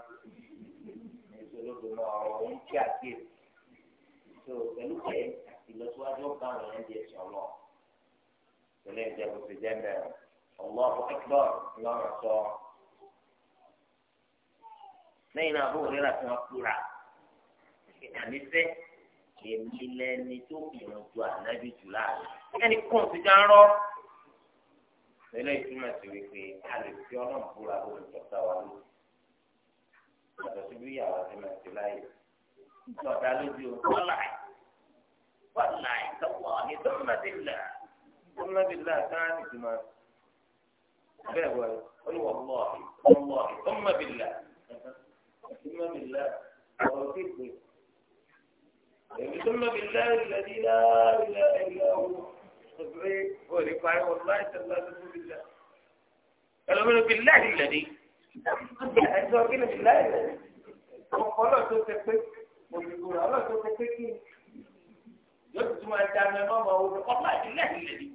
èso lódò máa ọ̀rọ̀ ń kí àkíyèsí tó pẹ̀lú pé ìlọsíwájú ọ̀gá àwọn èèyàn di ẹ̀sìn ọlọ́ pẹ̀lú ẹ̀jẹ̀ kò sì jẹ́ mẹ́rin ọlọ́ọ̀bù ẹ̀kọ́ lọ́rọ̀ sọ lẹ́yìn náà bó rírà tí wọ́n kúra ànífẹ́ èmi lẹ́ni tó kìrùn ju ànábì jù láàrin ẹnì kan ti já ń rọ. eléyìí túmọ̀ sí wípé a lè fi ọlọ́run búra lórí ìjọba wa lójú. yàtọ̀ sí bí yàrá ti máa ti láyè. ìjọba lójú o wọ́lá wọ́lá ìtọ́wọ́ ìtọ́mọdélà ìtọ́mọdélà sáà nìtúmọ̀ bẹ́ẹ̀ wọ̀ olùwọ̀lọ́ ọlọ́ ìtọ́mọdélà ìtọ́mọdélà ọ̀rọ̀ kéèké. ìtọ́mọdélà ìlàdí láàrin láàrin láàrin òṣèré òní parí wọn láì tẹ̀lé ọdún bílẹ̀. ẹlòmínú bíi láì lẹ́ni. ẹ̀sọ́ kí ni bíi láì lẹ́ni. ọkọ̀ ọlọ́ọ̀tún ṣe pé òṣìkò rẹ̀ ọlọ́ọ̀tún ṣe pé kí ni. yóò ti tún máa ń dáná ẹ̀mọ́ ọmọ òun ọkọ̀ láì láì lẹ́ni.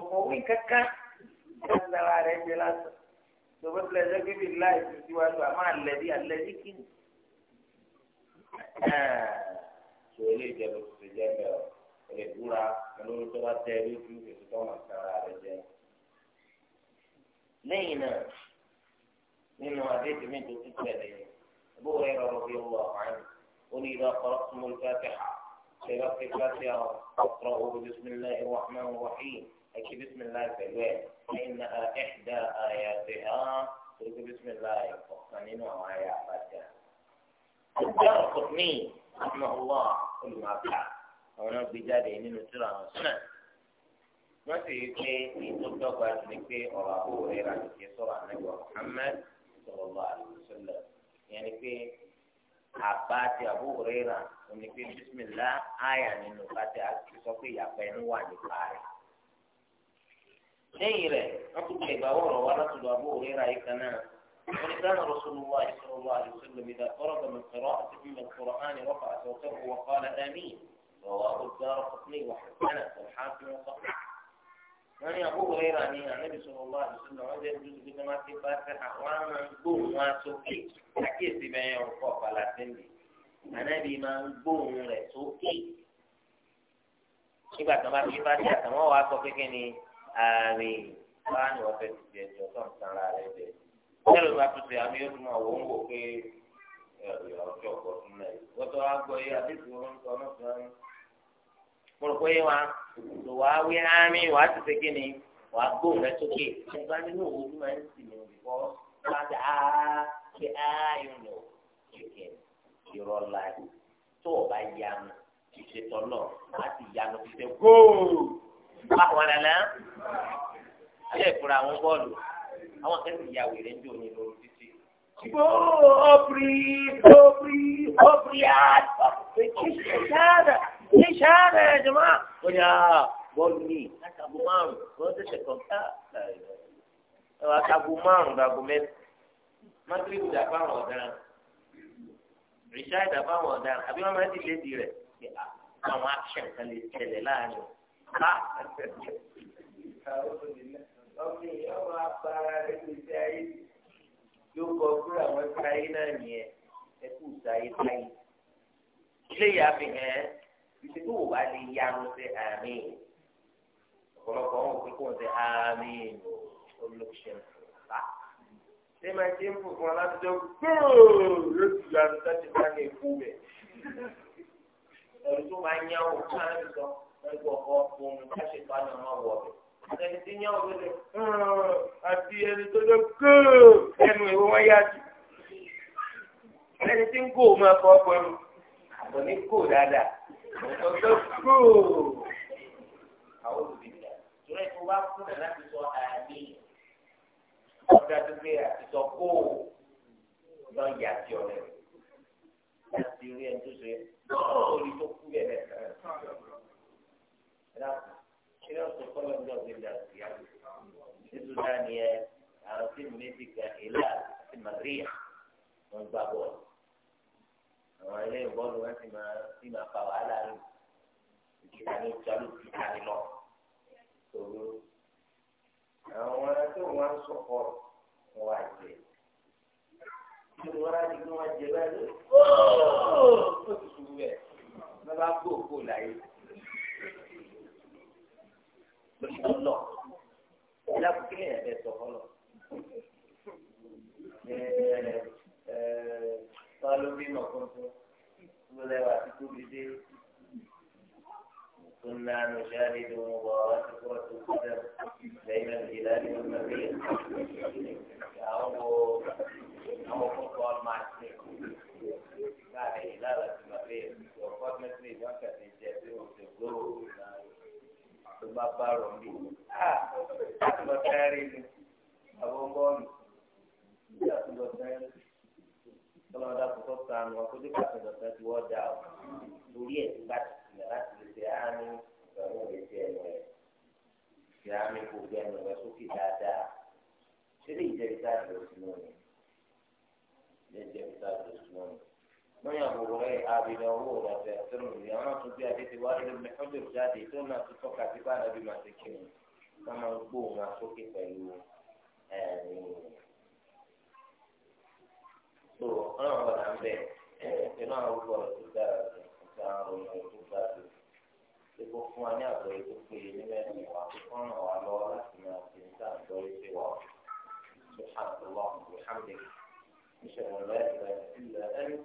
ọkọ̀ wí kankan ó ń dára rẹ̀ jẹ lásán. tòbó tilẹ̀ ṣe pé bíi láì ti tiwájú àmọ́ àlẹ́dí àlẹ́dí kí ni. tó ilé ìjẹun tó ti jẹ mẹ ọ lè búra lórí tó bá tẹ lójú ètò tó máa sára rẹ jẹ. lẹ́yìn náà nínú àdéhùn mi tó ti tẹ̀lé bó o yẹra ọ̀rọ̀ bí wọ́n wà ní oní ìlà ọ̀rọ̀kùn mọ́ ìfàtẹ́hà ṣẹlẹ̀ fífàtẹ́ ọ̀rọ̀ òru bisimilá ìwàhánà wàhíì àti bisimilá ìfẹ̀lẹ́ ẹ̀yìn náà ẹ̀ḥdá àyàtẹ̀ hàn torí bisimilá ìfọ̀kàn nínú àwọn àyà àbájá. ọmọ ọwọ́ ụlọ àwọn náà gbé jáde nínú tíra wọn sùn. wọ́n sì rí pé ètò dọ́gba ni pé ọ̀rọ̀ àbò rẹ̀ rà ní kí sọ̀rọ̀ ànágbà Muhammad sallallahu alaihi ìyẹn ni pé àbá àti rà pé bísímìlá àyà nínú àti wà nípa ولكان رسول الله صلى الله عليه وسلم إذا قرب من قراءة من القرآن رفع صوته وقال آمين رواه الدار قطني وحسنة والحاكم قطني من يقول غير أن النبي صلى الله عليه وسلم عز يجوز بجماعة الفاتحة وعما نقول ما سوكي حكي سبعي وفوق على سندي أنا بما نقول ما سوكي شبا كما في فاتحة ما هو أصبحكني آمين فأني وفيت جيت وصمت على رجل lẹ́nu bá tún ṣe àmì ọdún àwọn òun wò pé ọjọ́ ọ̀pọ̀ tún náà yìí wọ́n tó wá gbọ́ yé àdéhùn wọn sọ náà fún wọn. mo rò pé wa lò wá wí ámì wà á ti ṣe kí ni wà á gbóhùn rẹ sókè nígbà nínú òun ló máa ń sì mí bíkọ́ wá sí áá sí áá yóò lọ kéèké irọ́ láì tó o bá yanu ìṣètò náà á ti yanu fífẹ́ góòlù. báwo ni ẹ lẹ́yìn? alẹ́ ìfura àwọn bọ́ọ̀lù àwọn akẹ́kọ̀ọ́ ìyá wèrè ń jò ní lórí títí. Gbogbo ọ̀bùrì ọ̀bùrì ọ̀bùrì àtọ̀ ìṣàrẹ̀ ìṣàrẹ̀ jọ̀mọ́. Ó ní àá bọ́ọ̀lù ní àtàgùn márùn-ún wọ́n tẹ̀sẹ̀ kàn ká àtàgùn márùn-ún dàgùn mẹ́ta. Mákìrìkù dàbáwọn ọ̀daràn. Rìṣáì dàbáwọn ọ̀daràn. Àbí wọ́n máa ń dìde di rẹ̀. Àwọn action kan lè tẹ̀lé láàárín lọ́mọ èèyàn máa pa ara rẹ̀ gbèsè ayé yóò kọ fún àwọn ẹgbẹ́ ayé náà nìyẹn ẹ kú sáyé báyìí. ilé ìyá fi hàn ẹ́ ìṣe tó wò bá lè yanu ṣe àmín ọ̀pọ̀lọpọ̀ wọn kò kó ṣe àmín olùṣẹ́ fà. ṣé máa ṣe ń fòfin aládùúgbò gbòòrò yóò ti yanu sáti bá ní ikú rẹ̀. ẹ̀rù tó máa ń yá òkú máa ń ẹgbẹ́ ọkọ̀ ọ̀pọ̀ omi ká àná ẹni tí yàn wọ́n lè àti ẹni tó lọ góò ẹnu ìwọ wọn yá jù ẹni tí ń góò máa fọ ọkọ ẹnu kò ní góò dáadáa kò tó góò àwọn òbí rẹ ìṣúra ètò wa fún ẹ láti sọ àmì ọ̀dà tó gbé lọ yà sí ilé ọ̀sán kọ́lọ̀ ní ọ̀gbìn dàgbìyà ní Sudan yẹ àwọn tíìmù méjì kan ìlà àti Madrid wọn gbá bọ́ọ̀lù àwọn ilé ìbọ́ọ̀lù wọn ti máa ti máa fa wàhálà rẹ ìdíkà ní ìjálù kíkà ní lọ tòló àwọn tó wọn sọkọ wọn wá jẹ ìlú wọn láti gbé wọn jẹ báyìí ó ó ti sùn bẹ́ẹ̀ wọn bá gbó láyé lórí lọ́lọ́ ìlà kílẹ̀ ẹ̀ bẹ́ẹ̀ sọ fọlọ́. Wọ́n ló bímọ tuntun ló lẹ́wà tí tóbi dé. كنا نشاهد مباراة كرة القدم بين الهلال والنبيل أو أو فوتبول ماتش كان الهلال والنبيل وقد مثل ذاك في الجزيرة الغرب bá bá rọ̀ mí á láti lọ sáré ni àwọn bọ́ọ̀lù láti lọ sáré tọ́lá ọ̀dà kọ́kọ́ sànù ọ̀kọ́jú káfíń lọ́sẹ̀ tí wọ́n dà ọ́ lórí ẹ̀ nígbà tí láti lè ṣe àánú ìgbàlú rẹ̀ ṣe ẹ̀ rẹ̀ ṣe àánú kò gbẹ ẹnu rẹ̀ sókè dáadáa ṣé lè jẹ́ ìta ìlọsí ni lè jẹ́ ìta ìlọsí ni. lórí àbúrò rẹ àbílẹ̀ owó rẹ ọ̀sẹ̀ tẹ̀lé òní àwọn náà tún bí adéte wá ilé mi fún jòlù jáde tó náà tún tọ́ka sí báyìí lọ́bí máa ti kí ni wọ́n máa ń gbó wọn sókè pẹ̀lú ẹ̀ẹ́dì tó ọ̀nà ọ̀nà ń bẹ̀ ẹ̀ẹ́dì náà ó gbọ́dọ̀ tó dára sí ọ̀sẹ̀ àwọn ọ̀nà tó dára sí epo fún wa ní àgbọ̀ yìí tó péye ní mẹ́rin ìwà tó fọ́nà wa lọ́wọ́ láti máa fi ní sáà gbọ́ yìí sí wa سبحانك اللهم وبحمدك نشهد ان لا اله الا انت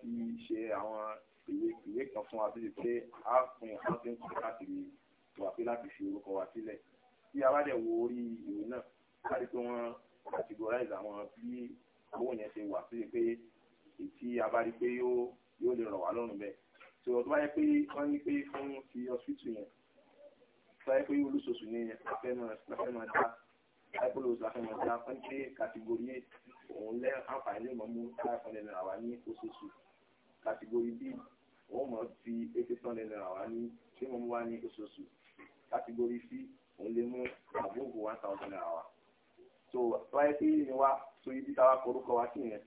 ti ṣe àwọn ìwé kan fún wa tó ṣe pé a pin àwọn tó ń pè láti wà pé láti fi orúkọ wa sílẹ̀ tí a bá dẹ̀ wo orí ìwé náà láti pé wọ́n categorize àwọn bí owó yẹn ṣe wà tó ṣe pé ètí a bá rí pé yóò lè rọ̀ wá lọ́rùn bẹ́ẹ̀ tí ọdún wáyé pé wọ́n ní pé fún ti hospital yẹn sáré pé olóṣooṣù ni afẹ́ máa dá hypolos afẹ́ máa dá fún pé kàtìgórí òun lẹ́ àǹfààní mọ́mú five hundred naira wá ní oṣooṣù kàtìgórí b òun mọ̀ fi eighty naira awa ní tí mo mú wá ní oṣooṣù kàtìgórí c òun lè mú naira awa so wáyé pé yìí wá so ibi táwa wá sí yẹn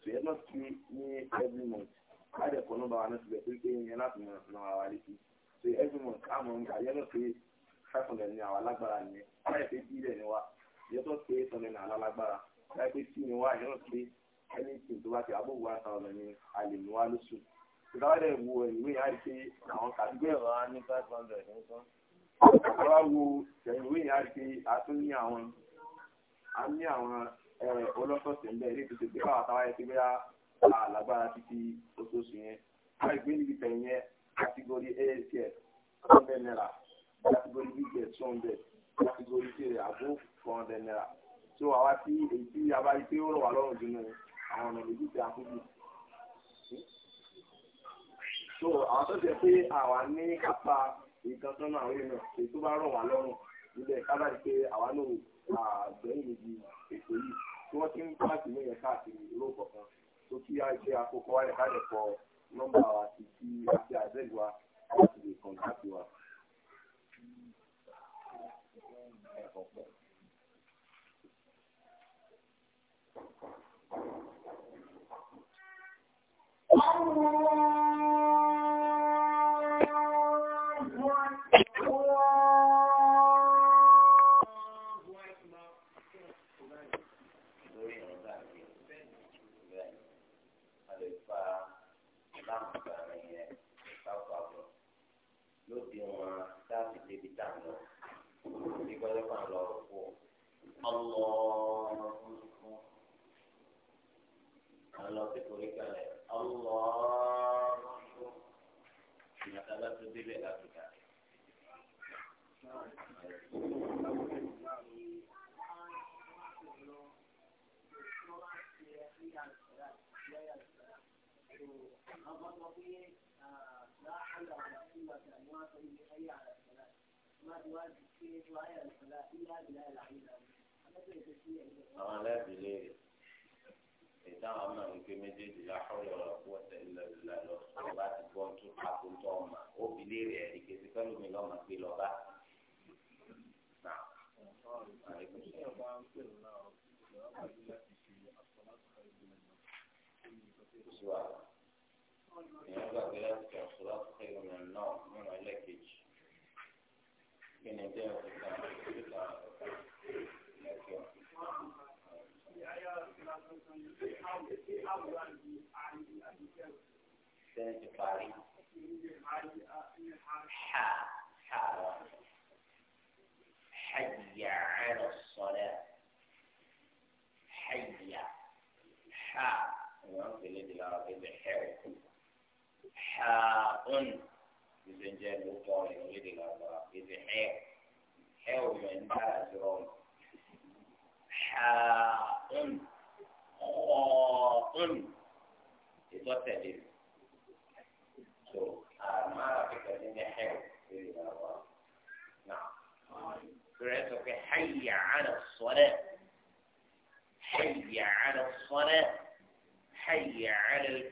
so yẹn náà ti ní every month á dẹ̀ wa náà yẹn láti mọ̀ so every month mọ̀ náà pé five hundred ní àwa lágbára nìyẹn pé bí ni wá yẹn tó anything tó bá ti above one thousand ni a lè mú wa lóṣù ìdáwọ́ dẹ̀ wo ìwé yẹn á rí pé àwọn kàdúgbò ẹ̀rọ á ní five hundred ní sọ. ìdáwọ́ wo ìwé yẹn á rí pé a tún ní àwọn a ní àwọn ọlọ́sọ̀ọ̀sẹ̀ ń bẹ̀ ní ìtòsí pé káwọn àtàwọn ẹ̀sìn bẹ́ẹ̀ alágbára títí oṣooṣù yẹn a rí pé níbi tẹ̀ yẹn category asf one hundred naira category bgs two hundred category three above four hundred naira so àwa tí èyí tí a bá rí pé ó rọ̀ wá lọ́rùn jù náà àwọn ọ̀nà méjì tí a kú bí. so àwọn tó ṣe pé àwa ní kápá ìtọ́sọ́nà àwọn èèyàn èyí tó bá rọ̀ wá lọ́rùn níbẹ̀ kábà ní pé àwa náà àgbẹ̀yìn níbi ètò yìí tí wọ́n ti ń pàṣẹ ní ẹ̀ka àti ìró kọ̀ọ̀kan tó kí á jẹ́ àkókò wáyé kálẹ̀ pọ̀ nọ́mbà àti ti àti àdẹ́gbà láti lè kàn láti wà. Allora, Allah, Allah, Allah, débẹ̀ látòkè àlẹ́. àwọn alábìlẹ̀ ìtàn àwọn ọmọ ìpè méjèèjì láhùrọ̀ ọ̀pọ̀ tẹ̀lé lọ́sọ̀rọ̀ bá ti gbọ́n tó lọ́mọ gbé lọ bá. Ìyẹn gbàgbé láti kẹ́ ọ̀ṣọ́ láti kẹ́ ìrìnà náà nínú ẹlẹ́kejì. Kí ni jẹ́ òkúta òkúta ẹ̀kọ́? Sẹ́yìn ti parí. Ha. الحارة حي على الصلاة حي حاء في اليد العربية بحاء حاء بسنجان وطاري اليد العربية بحاء حاء من بارا سرون حاء خاء إذا تدل so, uh, my African in rẹ̀ sọ pé hayya ala salat hayya ala salat hayya ala al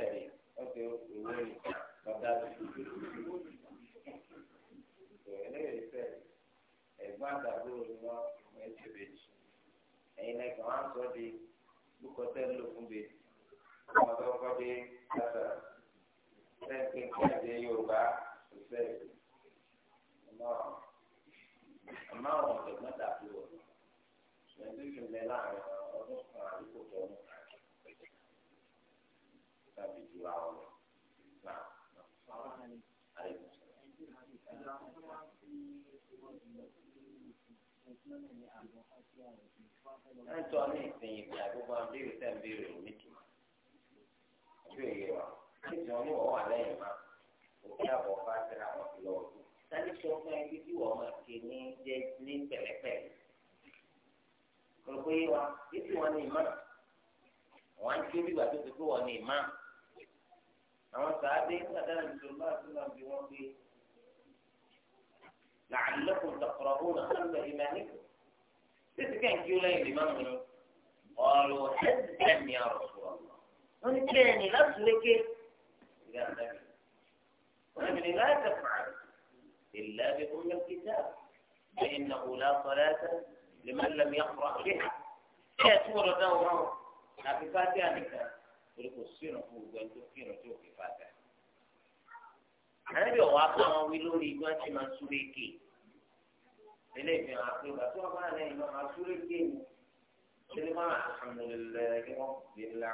tẹ̀lé ọ̀sẹ̀ ìwé ni lọ́dà tó eléyìí fẹ́ ẹ̀gbọ́n àtàbúrò ni wọ́n wọ́n ti bèjì ẹ̀yin náà kàn án sọ di lukọ̀tẹ́ ló fún bèjì ọmọ tó kọ́ di lásà sẹ́ńtì kí ẹ̀jẹ̀ Yorùbá. ẹ ń tọ́ ní ìsìn ìgbà gbogbo abéèrè ń béèrè òní kìí ojú èyí wa ní ìsìn wà lẹ́yìn máa òkè àbọ̀ bá tẹ̀lé àwọn ìlọ ọdún sani sọ fún ẹbí tí wọ́n máa ké ní jẹ́ ní pẹ̀lẹ́pẹ̀lẹ́ pẹ̀lú wa títí wọn ní ìmá wọn á wọn ní ìmá àwọn nígbà bí gbé لعلكم تقرؤون خلف إمامكم ليس كان كيولين الإمام قالوا حزبا يا رسول الله من كان لك يا نبي ولكن لا تفعل إلا بأم الكتاب فإنه لا صلاة لمن لم يقرأ بها هي سورة دورة ما في فاتحة نكتب يقول السنة هو أن تكفين وتوفي فاتحة àyẹ̀bí ọ̀wá bá wọn wí lórí bí wọ́n ti máa súré ké eléyìí fi hàn pé bàtí wọ́n bá lẹ́yìn náà máa súré ké ni ṣẹlẹ̀ máa alhamdulilayi kí wọ́n fi la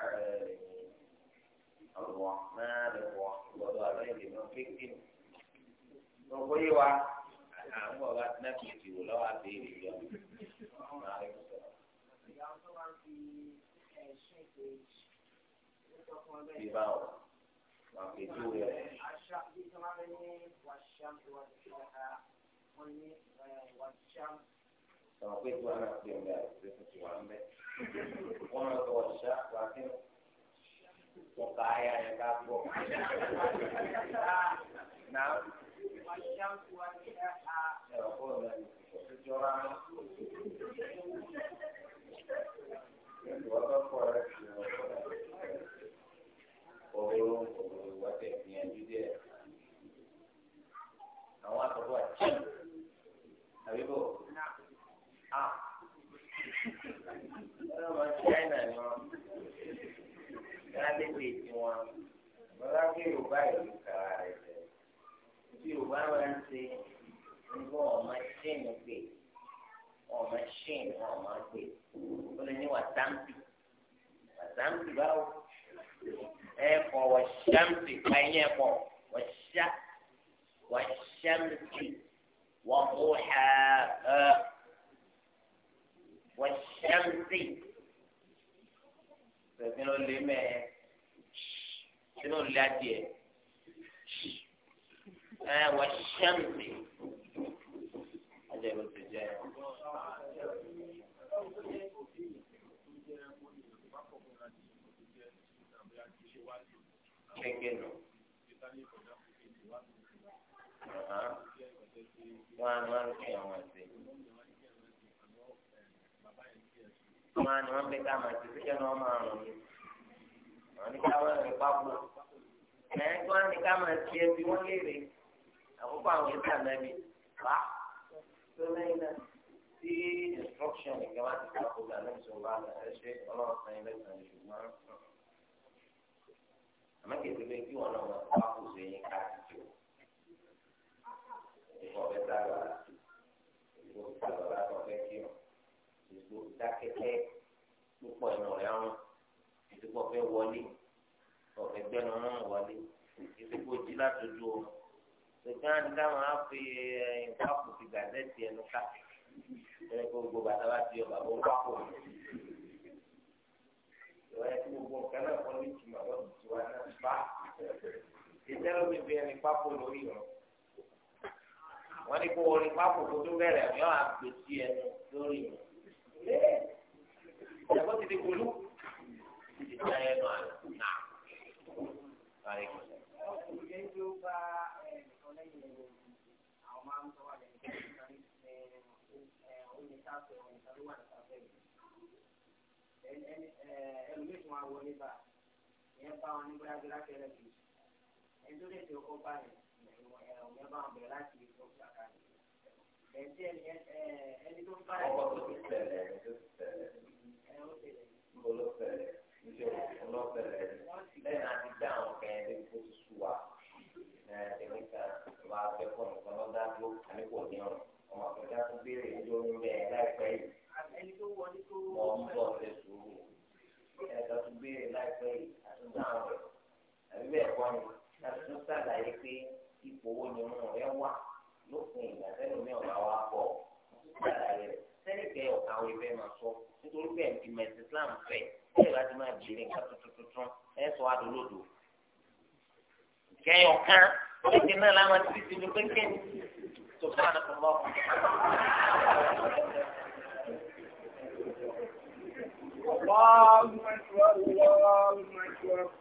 ọ̀wọ́ náà lè wọ́ gbọ́dọ̀ àlẹ́yìn náà ké ké ni. gbogbo yìí wa àwọn ọba nẹ́ẹ̀kì ti wò lọ́wọ́ àbẹ̀yẹ̀ yọ. Ìbáwọ̀ àpèjúwe rẹ̀. sọ̀rọ̀ pé tí wọ́n náà pè ń bẹ àìsàn ti wà ń bẹ. ni wọ́n kà á yà yẹn ká gbọ́. náà. ẹ̀yìn ẹ̀kọ́ wọ̀ṣá wọ̀ṣẹ́mùtì wọ̀mùhà ẹ̀ wọ̀ṣẹ́mùtì tẹ̀sí ló lé mẹ́ẹ̀ sínú lé adìẹ ẹ̀ wọ̀ṣẹ́mùtì. kéèké nù. wọn ni wọn fi àwọn ẹsẹ wọn ni wọn fi ká àwọn ẹsẹ síkẹ ní wọn máa rùn ní wọn ní ká wọn rìn pápó ẹ wọn ní ká máa ti ẹbí wọn léèrè àkókò àwọn ẹsẹ ànábì bá tó lẹ́yìn náà tí instruction ìjọba ti ká kó gbà lẹ́sọ̀rọ̀ bá ẹ ọlọ́run sẹ́yìn lẹ́sọ̀rọ̀ ṣùgbọ́n àmọ́ kìí pé kí wọn náà wọn kó àkóso ẹyin ká ti tó ìfọ̀ bẹ́ẹ̀ sábà ìfọ̀ sábà láti ọ̀fẹ́ kí wọn ìfọ̀ dákẹ́kẹ́ púpọ̀ ẹnu rẹ̀ ọ̀run ìdúpọ̀ fẹ́ wọlé ọ̀fẹ́ gbẹ́nu náà wọlé ìdúpọ̀ jí láti ojú oorun ṣùgbọ́n dáhùn á fi ìpapò ti gàdẹ́tì ẹnu ká ẹni kó gbogbo bàtà bá ti yọ bàbá pápò ìwà ẹ̀ tí gbogbo nǹkan náà kọ́ ní ìtumọ̀ lọ́dún wànàfà ìtẹ́lómi fi ẹni pápó lórí rọ wọ́n ní kó orin pápó tó tó bẹ̀rẹ̀ ní ọ̀ àgbèsí ẹ lórí rọ ìjàpọ̀ ti di gbólú ti di ẹnu àná náà. Ẹlòmíràn wà wọlé báyìí ìyẹn bá wọn ní bóyá bí lákẹrẹ kì í ẹni tó lè fi ọkọ bá yẹn ìyẹn bá wọn bẹ̀rẹ̀ láti ìfọ ìgbàkà rẹ ẹni tí ẹni tó ń bá yẹn. ọkọ tó ti tẹlẹ ẹni tó ti tẹlẹ ẹni ó tẹlẹ níbo ló tẹlẹ níṣẹ ló tẹlẹ lẹ́yìn àti dá àwọn kẹyìn débi tó ti sú wa ẹni kan wà á fẹ́ fọnù kan tó àní ní ọrùn ọmọ àpẹjá tó béèrè ìjọ ní bẹ́ẹ̀ láìpẹ́ yìí. ẹni tó wọlé tó. mọ̀ ń bọ̀ ṣe sùúrù ẹ̀ka tó béèrè láìpẹ́ yìí súnà rẹ̀ àbí bẹ́ẹ̀ kọ́ ni láti tún sàlàyé pé ipò owó ni mo rẹ̀ wá lópin ìgbà sẹ́nu mi ọ̀la wa pọ̀ sàlàyé rẹ̀ sẹ́ni kẹ́ ọ̀ka wo máa sọ nítorí bẹ́ẹ̀ ti mẹ̀sì Islam fẹ̀ bẹ́ẹ̀ láti máa bèèrè nǹkan tuntun tuntun ẹ̀ sọ adolódo kẹ́yọ̀ kan ẹ̀jẹ̀ náà láwọn ti ti ti lópin kẹ́ni tó fún àná Allahu Akbar, Allahu Akbar.